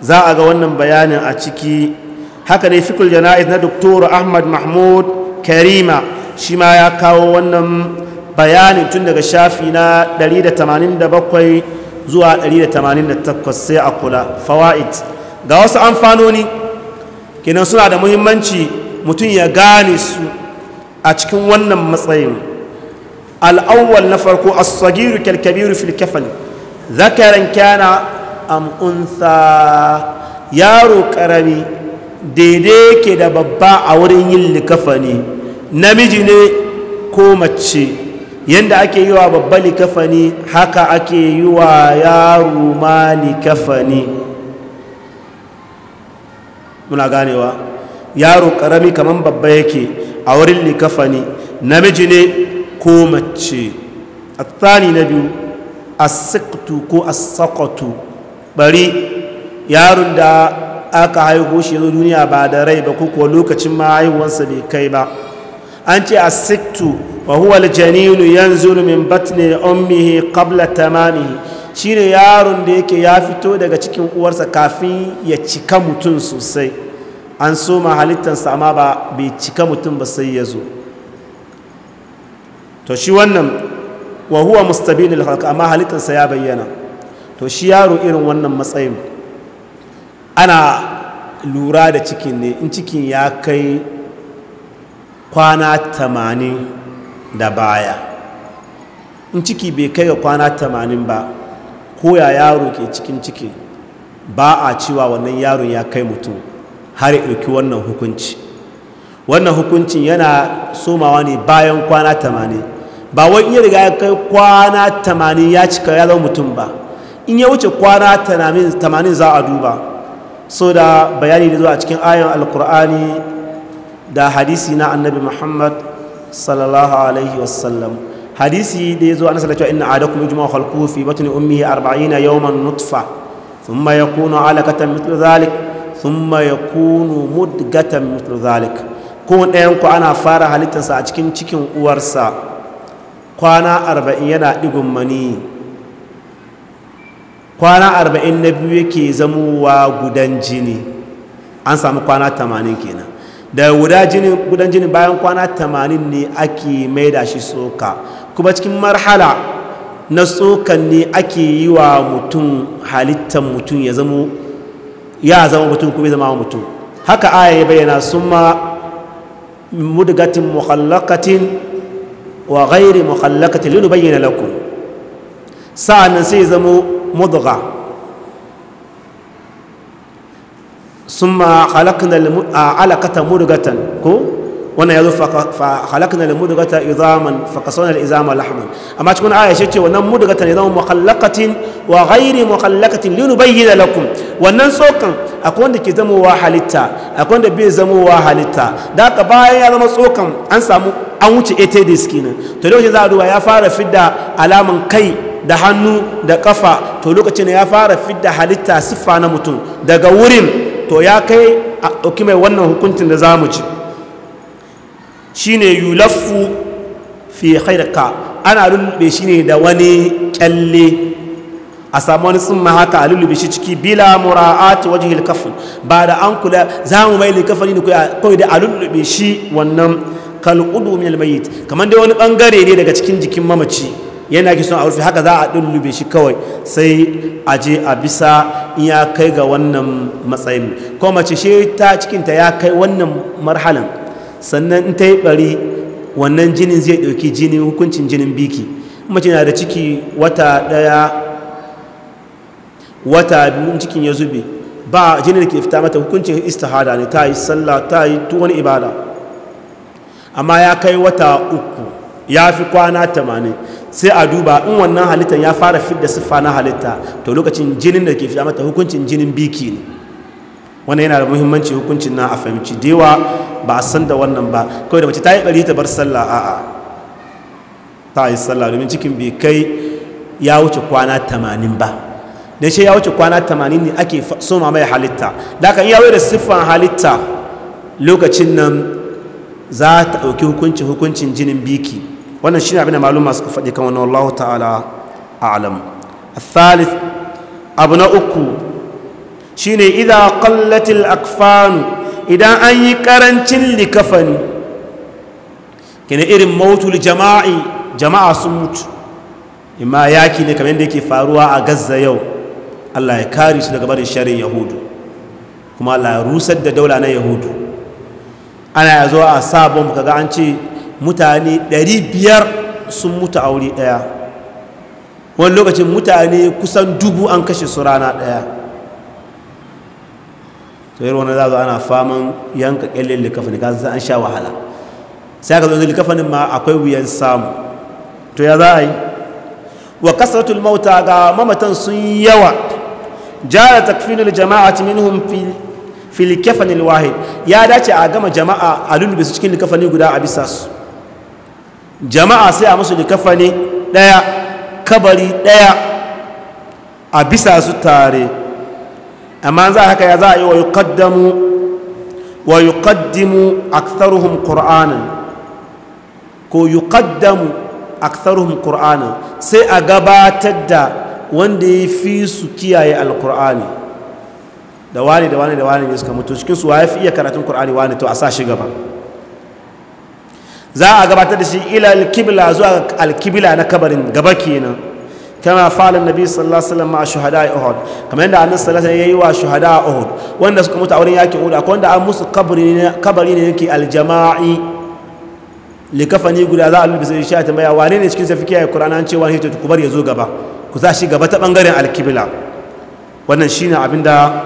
za a ga wannan bayanin a ciki haka ne fikul jana'iz na doktor ahmad mahmud karima shi ma ya kawo wannan bayanin tun daga shafi na 187 zuwa 188 sai a kula fawaid ga wasu amfanoni kenan suna da muhimmanci mutum ya gane su a cikin wannan matsayin al'awwal na farko a sagiru kalkabiru kabiru fil kafan zakaran kana am yaro karami daidai ke da babba a wurin yin likafani namiji ne ko mace yanda ake yi wa babba likafani haka ake yi wa yaro ma likafani muna ganewa yaro karami kamar babba yake a wurin likafani namiji ne ko mace a tsani na biyu a asiktu ko a asakatu bari yaron da aka haihu shi yanzu duniya ba da rai ba ko kuwa lokacin ma haihuwansa bai kai ba an ce asiktu وهو الجنين ينزل من بطن أمه قبل تمامه shine yaron da yake ya fito daga cikin uwarsa kafin ya cika mutum sosai an so ma halittarsa amma ba bai cika mutum ba sai ya zo to shi wannan wa huwa mustabinul khalq amma halittarsa ya bayyana to shi yaro irin wannan matsayin ana lura da cikin ne in cikin ya kai kwana tamanin da baya in ciki bai kai ga kwana tamanin ba ko ya yaro ke cikin ciki ba a cewa wannan yaron ya kai mutum har ya ɗauki wannan hukunci wannan hukuncin yana somawa ne bayan kwana tamanin ba wai iya riga ya kai kwana tamanin ya cika ya zama mutum ba in ya wuce kwana tamanin za a duba so da bayani da zuwa cikin ayon alkur'ani da hadisi na annabi muhammad sallallahu alaihi wasallam hadisi da yazo annabi sallallahu alaihi wasallam inna adakum yujma'u khalquhu fi batni ummihi 40 yawman nutfa thumma yakunu 'alaqatan mithlu zalik thumma yakunu mudgatan mithlu zalik ko ɗayan ku ana fara halittarsa a cikin cikin uwarsa kwana 40 yana digun mani kwana 40 na biyu yake zamuwa gudan jini an samu kwana 80 kenan da gudan jini bayan kwana tamanin ne ake maida shi tsoka kuma cikin marhala na tsokan ne ake yi wa mutum halittar mutum ya zama ya zama mutum kuma ya zama mutum haka aya ya bayyana sun ma mudgatin mukhallakatin wa gairi mukhallakatin linu bayyana sa'annan sai zama mudga summa khalaqna alaqata mudghatan ko wannan yazo fa khalaqna almudghata idhaman fa qasawna izama lahman amma cikin aya shi ce wannan mudghatan idan mukhallaqatin wa ghairi mukhallaqatin linubayyana lakum wannan tsokan akwai wanda ke zama wa halitta akwai wanda bai zama wa halitta da ka bayan ya zama tsokan an samu an wuce 80 days kenan to lokacin za a duba ya fara fidda alaman kai da hannu da kafa to lokacin ya fara fidda halitta siffa na mutum daga wurin to ya kai a ɗauki mai wannan hukuncin da za mu ci shi ne yulaffu fi haidaka ana lullube shi ne da wani kyalle a samu wani ma haka a lullube shi ciki bila mura'ati wajen hilkafin ba da an kula za mu mai hilkafin ne kawai da a lullube shi wannan kal'udu mai almayit kamar dai wani ɓangare ne daga cikin jikin mamaci yana ki son a rufe haka za a dullube shi kawai sai a je a bisa ya kai ga wannan matsayin ko mace shi ta cikinta ya kai wannan marhalan sannan in ta yi bari wannan jinin zai ɗauki jinin hukuncin jinin biki mace na da ciki wata ɗaya wata biyu cikin ya zube ba jinin da ke fita mata hukuncin istihada ne ta yi sallah ta yi wani ibada amma ya kai wata uku ya fi kwana tamanin sai a duba in wannan halittar ya fara fidda siffa na halitta to lokacin jinin da ke fi mata hukuncin jinin biki ne wannan yana da muhimmanci hukuncin na a fahimci dewa ba a san da wannan ba kawai da mace ta yi bari ta bar sallah a'a ta yi sallah domin cikin bai kai ya wuce kwana tamanin ba da shi ya wuce kwana tamanin ne ake so soma mai halitta da aka iya da siffan halitta lokacin nan za ta ɗauki hukuncin hukuncin jinin biki wannan shine abin da maluma suka faɗi kan wannan wallahu ta'ala a'lam al-thalith abu na uku shine idan qallatil akfanu idan an yi karancin likafani kina irin mautul jama'i jama'a sun mutu imma yaki ne kamar yadda yake faruwa a gazza yau allah ya kare su daga barin sharin yahudu kuma allah ya rusar da daula na yahudu ana ya zo a sabon kaga an ce mutane 500 sun mutu a wuri daya wani lokacin mutane kusan dubu an kashe su rana daya to yi wani zazo ana faman yanka kyallin likafani ka an sha wahala sai aka zo likafanin ma akwai wuyan samu to ya za a yi wa kasratul mauta ga mamatan sun yawa jara takfinul jama'ati minhum fil kafanil wahid ya dace a gama jama'a a lullubi su cikin likafani guda a bisa su jama'a sai a musu likafani ɗaya kabari ɗaya a bisa su tare amma za haka ya za a yi wa yi kaddamu wa yi kaddimu ƙur'anin ko yi kaddamu aksaruhun ƙur'anin sai a gabatar da wanda ya fi su kiyaye alƙur'ani da wani da wani da wani ne suka mutu cikinsu wa ya fi iya karatun ƙur'ani wani to a sa shi gaba za a gabatar da shi ila alkibla zuwa alkibla na kabarin gaba kenan kama falin nabi sallallahu alaihi wasallam ma shuhada a uhud kamar yadda annabi sallallahu alaihi wasallam yayi wa shuhada a uhud wanda suka mutu a wurin yakin uhud akwai wanda an musu kabari ne kabari ne yake aljama'i likafani guda za a lulluɓe sai shi tambaya wane ne cikin safiya ya qur'ana an ce wani hito ku bar ya zo gaba ku za shi gaba ta bangaren alkibla wannan shine abinda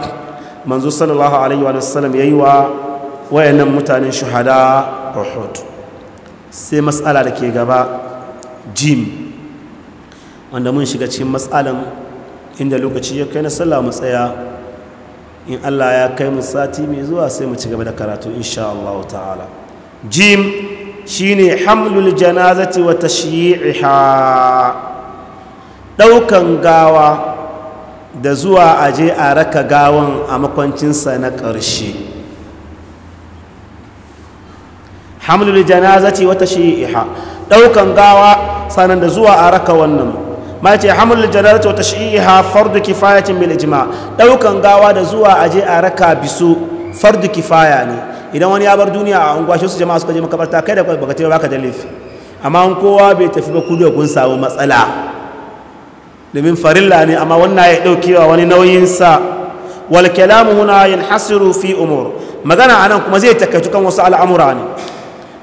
manzo sallallahu alaihi wasallam yayi wa wayannan mutanen shuhada uhud sai matsala da ke gaba jim wanda mun shiga cikin matsalan inda lokaci ya kai na sallah mu tsaya in Allah ya kai mu sati mai zuwa sai mu ci gaba da karatu insha Allah ta'ala jim shine hamlul janazati wa tashyi'iha daukan gawa da zuwa aje a raka gawan a makwancinsa na ƙarshe hamlul janazati wa tashyi'iha daukan gawa sanan da zuwa a raka wannan ma ce hamlul janazati wa tashyi'iha fardu kifayatin bil ijma daukan gawa da zuwa aje a raka bisu fardu kifaya ne idan wani ya bar duniya a unguwa shi su jama'a suka je makabarta kai da baka tare baka da laifi amma in kowa bai tafi ba kudu kun samu matsala domin farilla ne amma wannan ya daukewa wani nauyin sa wal kalamu huna yanhasiru fi umur magana anan kuma zai takaitu kan wasu al'amura ne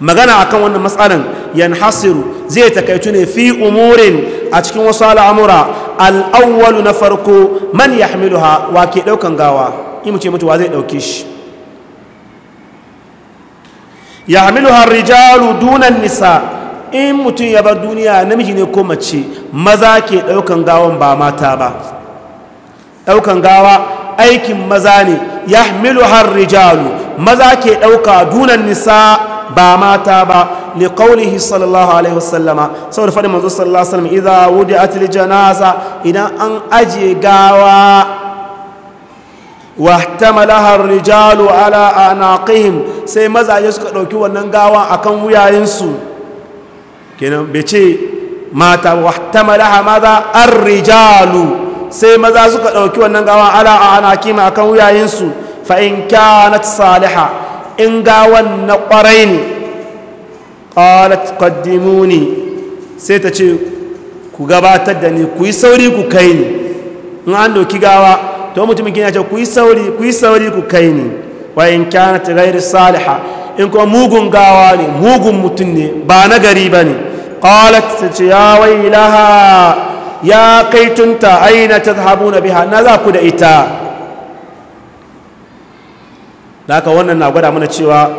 magana akan wannan matsalan yanhasiru zai takaitu ne fi umurin a cikin wasu al'amura al'awwalu na farko man ya ha wa ke gawa imu ce mutuwa zai ɗauke shi ya hamiluha rijalu dunan nisa in mutum ya bar duniya namiji ne ko mace maza ke daukan gawan ba mata ba daukan gawa aikin maza ne ya hamiluha rijalu maza ke ɗauka dunan nisa ba mata ba li qawlihi sallallahu alaihi wasallama saboda fadin manzo sallallahu alaihi wasallam idza wudi'atil janaza idan an ajiye gawa wahtamalaha ar-rijalu ala anaqihim sai mazaje suka dauki wannan gawa akan wuyayensu kenan bai ce mata wahtamalaha maza ar-rijalu sai maza suka dauki wannan gawa ala anaqihim akan wuyayensu fa in kanat salihah in ga na ƙwarai ne ƙalat qaddimuni sai ta ce ku gabatar da ni ku yi sauri ku kai ni in an doki gawa to mutumin gina ce ku yi sauri ku yi sauri ku kai ni wayan kyanar ta ghairu saliha in kuma mugun gawa ne mugun mutum ne ba na gari bane qalat ta ce ya wai laha ya kaitunta aina ta na biha na za ku da ita da haka wannan na gwada mana cewa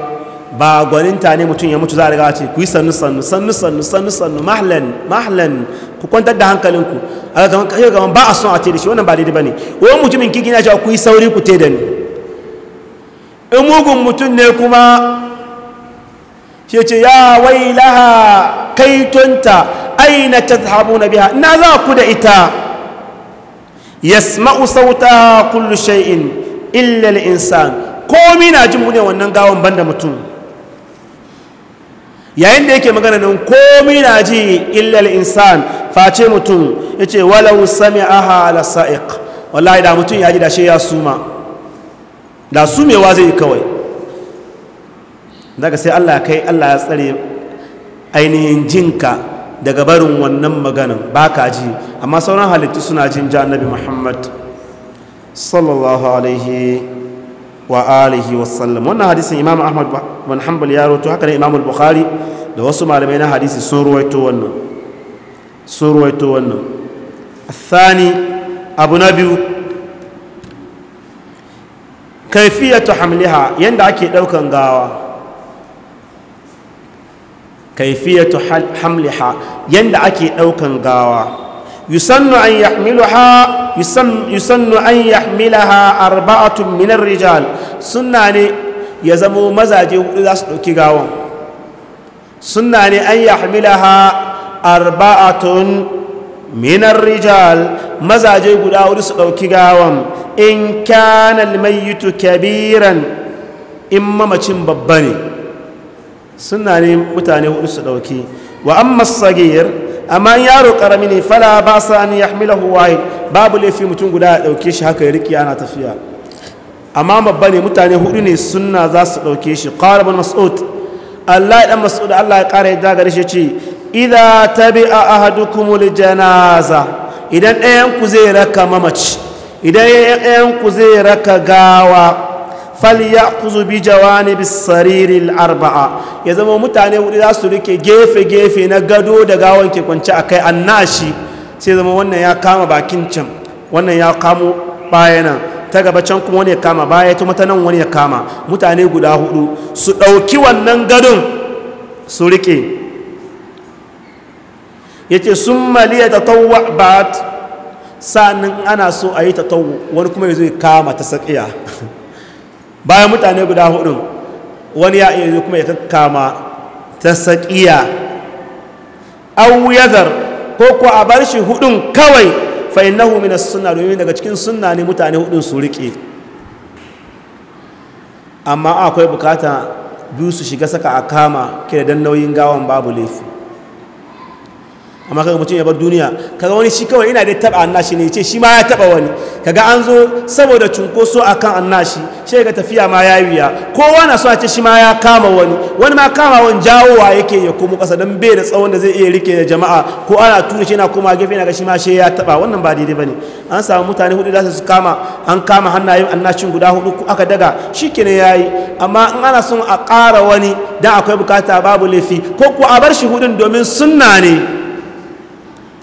ba gwaninta ne mutum ya mutu za a riga ce ku yi sannu sannu sannu sannu sannu sannu ku kwantar da hankalinku a ga ba a son a ce da shi wannan ba daidai ba ne wani mutumin kiki na cewa ku yi sauri ku te da ni in mugun mutum ne kuma shi ce ya wai laha kaitonta aina ta zahabu na biya na za ku da ita yasma'u sauta kullu shay'in illa insan komi na jin munyan wannan gawan banda mutum yayin da yake magana nan komi na ji illal insan face mutum ya ce walau sami aha ala sa'iq wallahi da mutum ya ji da shi ya suma da sumewa zai kawai daga sai allah kai allah ya tsare ainihin jinka daga barin wannan maganan ba ka ji amma sauran halittu suna jin ja annabi muhammad sallallahu alaihi wa alihi wa sallam wannan hadisin imamu ahmad bin hanbal ya rawaito haka ne imamu bukhari da wasu malamai na hadisi sun ruwaito wannan sun ruwaito wannan athani abu na biyu kaifiyatu hamliha yanda ake daukan gawa kaifiyatu hamliha yanda ake daukan gawa يسن أن يحملها يسن, يسن أن يحملها أربعة من الرجال سنة يزمو مزاجي كيغاو سنة أن يحملها أربعة من الرجال مزاجي قداو ولاس كيغاو إن كان الميت كبيرا إما ما بباني سنة متاني ولاس كي وأما الصغير amma yaro karami ne fala ba sa an hamila wahid babu laifi mutum guda ya dauke shi haka ya riki ana tafiya amma babba ne mutane hudu ne sunna za su dauke shi qala ibn mas'ud Allah dan mas'ud Allah ya kara da gare shi ce idza tabi'a ahadukum janaza idan ɗayan ku zai raka mamaci idan ɗayan ku zai raka gawa falyaquzu bi jawanib as-sarir arbaa ya zama mutane hudu za su rike gefe gefe na gado da gawon ke kwance akai annashi sai zama wannan ya kama bakin can wannan ya kamo bayana ta gaba can kuma wani ya kama baya ta mata nan wani ya kama mutane guda hudu su ɗauki wannan gadon su rike yace sun maliya tatawwa ba'at sa'annan ana so a yi wani kuma ya zo ya kama ta sakiya <laughs> bayan mutane guda hudu wani ya iya kuma ya kakkama ta saƙiya an ko ko a bar shi hudun kawai fa’in suna min suna domin daga cikin sunna ne mutane hudun su riƙe amma akwai bukata biyu su shiga saka a kama ke dan nauyin gawan babu laifi amma kaga mutum ya bar duniya kaga wani shi kawai ina da taba annashi ne ce shi ma ya taba wani kaga an zo saboda cunkoso akan annashi shi ga tafiya ma ya yi ko wani so a ce shi ma ya kama wani wani ma kama wani jawowa yake ya komo kasa don bai da tsawon da zai iya rike da jama'a ko ana tura shi na koma gefe na ga shi ma shi ya taba wannan ba daidai bane an samu mutane hudu da su kama an kama hannayen annashin guda hudu aka daga shikenan yayi amma in ana son a kara wani dan akwai bukata babu laifi ko ku a bar shi hudun domin sunna ne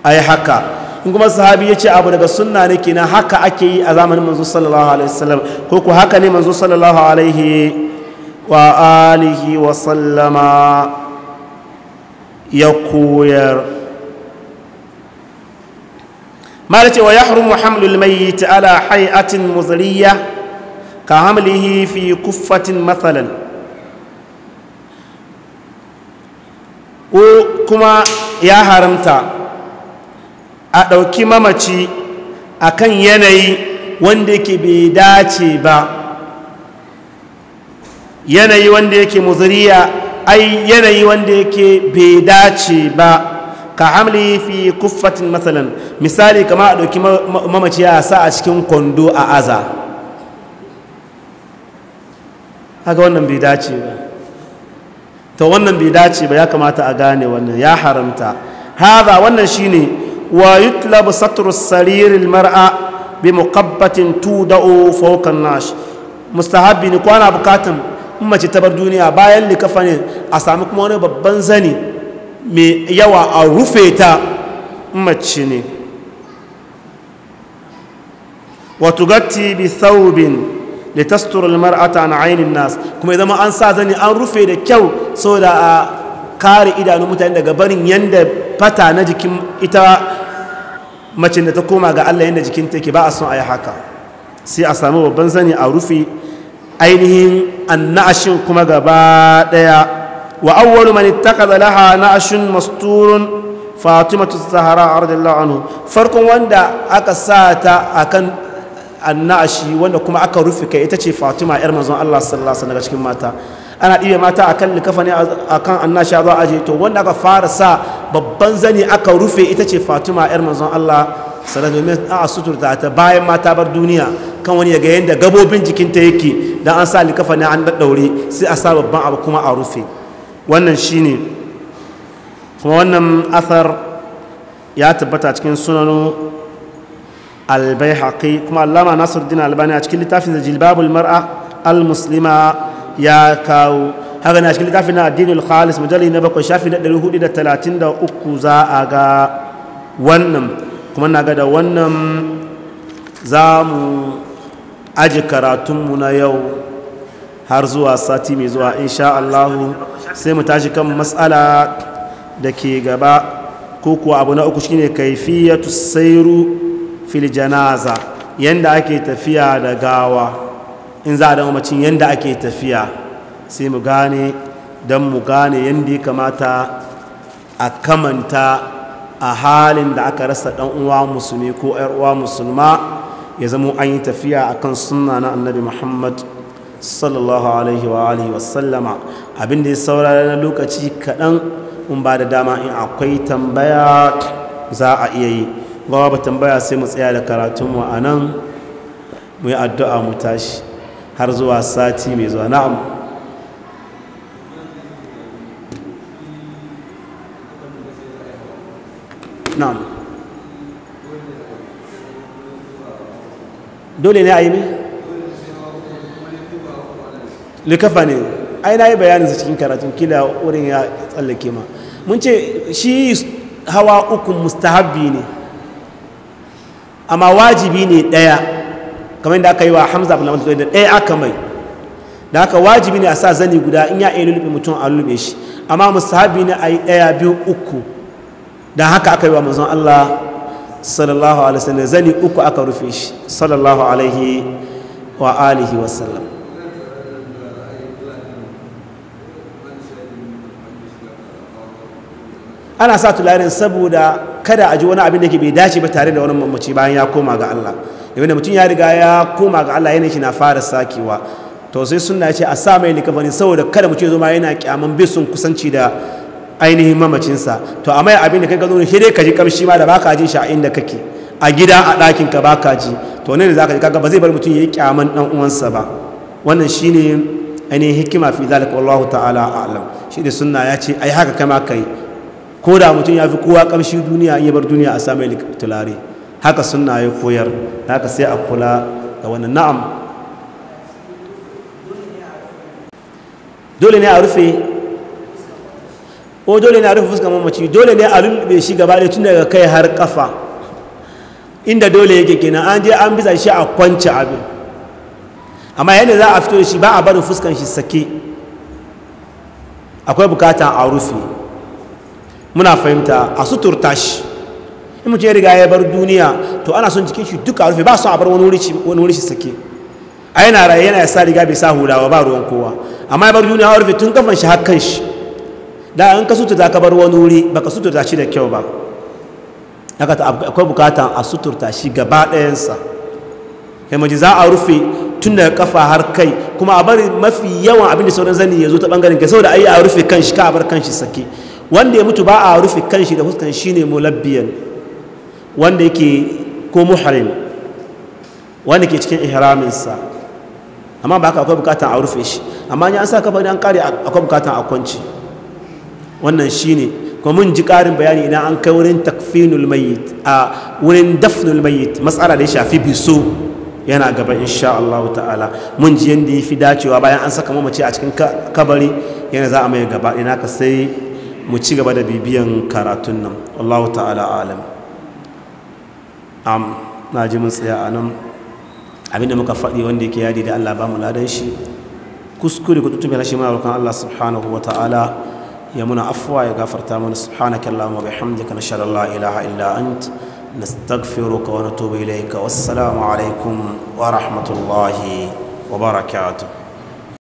ai haka in kuma sahabi ya ce abu daga sunna ne kenan haka ake yi a zamanin manzo sallallahu alaihi wasallam ko ku haka ne manzo sallallahu alaihi wa alihi wa sallama ya koyar mala ce wa yahrumu hamlul mayyit ala hay'atin Muzariya ka hamlihi fi kuffatin mathalan ko kuma ya haramta a ɗauki mamaci a kan yanayi wanda yake bai dace ba yanayi wanda yake muzuriya ai yanayi wanda yake bai dace ba ka hamli fi kuffatin matsalan misali kama a ɗauki mamaci a sa a cikin kwando a aza haka wannan bai dace ba ta wannan bai dace ba ya kamata a gane wannan ya haramta haza wannan shine ويطلب سطر السرير tu بمقبة تودأ فوق الناش مستحب ne kwana bukatan mace ta bar duniya bayan likafa ne a sami kuma wani babban zani mai yawa a rufe ta mace ne wato gatti bi thawbin litastura almar'ata an ainin nas kuma zama an sa zani an rufe da kyau saboda a kare idanun mutane daga barin yanda fata na jikin ita mace da ta koma ga Allah yadda jikin take ba a son a yi haka sai a sami babban zani a rufe ainihin annashin kuma gaba daya wa awwalu man ittakhadha laha na'shun masturun fatimatu zahra radiyallahu anhu farkon wanda aka sa ta akan annashi wanda kuma aka rufe kai ita ce fatima yar manzon Allah sallallahu alaihi daga cikin mata ana ɗibe mata a kan likafa ne a kan annasha a je to wanda aka fara sa babban zani aka rufe ita ce fatima yar manzon allah sallallahu alaihi a suturta ta bayan mata bar duniya kan wani yaga yadda gabobin jikinta yake dan an sa likafa ne an daddaure sai a sa babban abu kuma a rufe wannan ne kuma wannan athar ya tabbata cikin sunanu albai haƙi kuma allama nasiruddin albani a cikin littafin jilbabul mar'a al-muslima ya kawo haka na cikin littafin na addinul khalis majalai na bakwai shafi na 433 za a ga wannan kuma na ga da wannan za mu aji karatunmu na yau har zuwa sati mai zuwa insha Allahu sai mu tashi kan matsala da ke gaba ko kuwa abu na uku shi ne kaifiyatu sairu fil janaza yanda ake tafiya da gawa in za a dama macin yadda ake tafiya sai mu gane don mu gane yadda ya kamata a kamanta a halin da aka rasa ɗan uwa musulmi ko yaruwa uwa musulma ya zamo an yi tafiya kan sunna na annabi muhammad sallallahu alaihi wa alihi wasallama abinda ya saurara na lokaci kaɗan in ba da dama in akwai tambaya za a iya yi ba tambaya sai mu tsaya da karatunmu a nan mu yi addu'a mu tashi har zuwa sati mai zuwa na'am dole ne a yi likafa ne ai na yi bayanin su cikin karatun kila wurin ya tsallake ma mun ce shi hawa uku mustahabbi ne amma wajibi ne ɗaya kamar da aka yi wa hamza abu lamantar da ɗaya aka mai da haka wajibi ne a sa zani guda in ya iya lulluɓe mutum a lulluɓe shi amma musahabi ne a yi ɗaya biyu uku da haka aka yi wa mazan Allah sallallahu alaihi wasallam zani uku aka rufe shi sallallahu alaihi wa alihi wasallam ana sa tularin saboda kada a ji wani abin da ke bai dace ba tare da wani mamaci bayan ya koma ga Allah domin da mutum ya riga ya koma ga Allah yanayin shi na fara sakewa to sai suna ce a sa mai likafani saboda kada mutum ya zo ma yana kyaman bisun kusanci da ainihin mamacinsa to amma abin da kai ka zo shi dai ka ji kamshi ma da baka jin shi a inda kake a gida a ɗakin ka baka ji to ne zaka ji kaga ba zai bar mutum yayi kyaman dan uwansa ba wannan shine ainihin hikima fi zalika wallahu ta'ala a'lam shi da sunna ya ce ai haka kama kai ko da mutum ya fi kowa kamshi duniya ya bar duniya a sa mai tulare haka suna ya koyar haka sai a kula da wani na'am dole ne a rufe o dole ne a rufe fuskar mamaci dole ne a rufe shi gaba da tun daga kai har kafa inda dole yake kenan an je an bisa shi a kwanci abin amma yadda za a fito da shi ba a barin fuskan shi sake akwai bukata a rufe muna fahimta a suturta shi in mutum ya riga ya bar duniya to ana son cikin shi duka rufe ba su a bar wani wuri shi sake a yana raye yana ya sa riga bai sa hudawa ba ruwan kowa amma ya bar duniya ya rufe tun kafan shi hakan shi da an ka suturta ka bar wani wuri ba ka suturta shi da kyau ba haka akwai bukata a suturta shi gaba ɗayansa kai maji za a rufe tun daga kafa har kai kuma a bari mafi yawan abin da sauran zani ya zo ta bangaren kai saboda ayi a rufe kan shi ka bar kan shi sake wanda ya mutu ba a rufe kan shi da fuskan shi ne mulabbiyan wanda yake ko muhrim wanda ke cikin ihraminsa amma ba haka akwai bukatan a rufe shi amma ya sa kafa an kare akwai bukatan a kwanci wannan shi ne kuma mun ji karin bayani idan an kai wurin takfinul mayit a wurin dafnul mayyit matsala da ya shafi biso yana gaba insha Allah ta'ala mun ji yanda ya fi dacewa bayan an saka mamaci a cikin kabari yana za a mai gaba ina ka sai mu ci gaba da bibiyan karatun nan Allah ta'ala alam am na ji mun tsaya a nan abinda muka faɗi wanda yake yadi da Allah ba mu ladan shi kuskure ku tutume shi muna roƙon Allah subhanahu wa ta'ala ya muna afwa ya gafarta mana subhanaka allahumma wa bihamdika nashhadu an la ilaha illa ant nastaghfiruka wa natubu ilayka wassalamu alaikum wa rahmatullahi wa barakatuh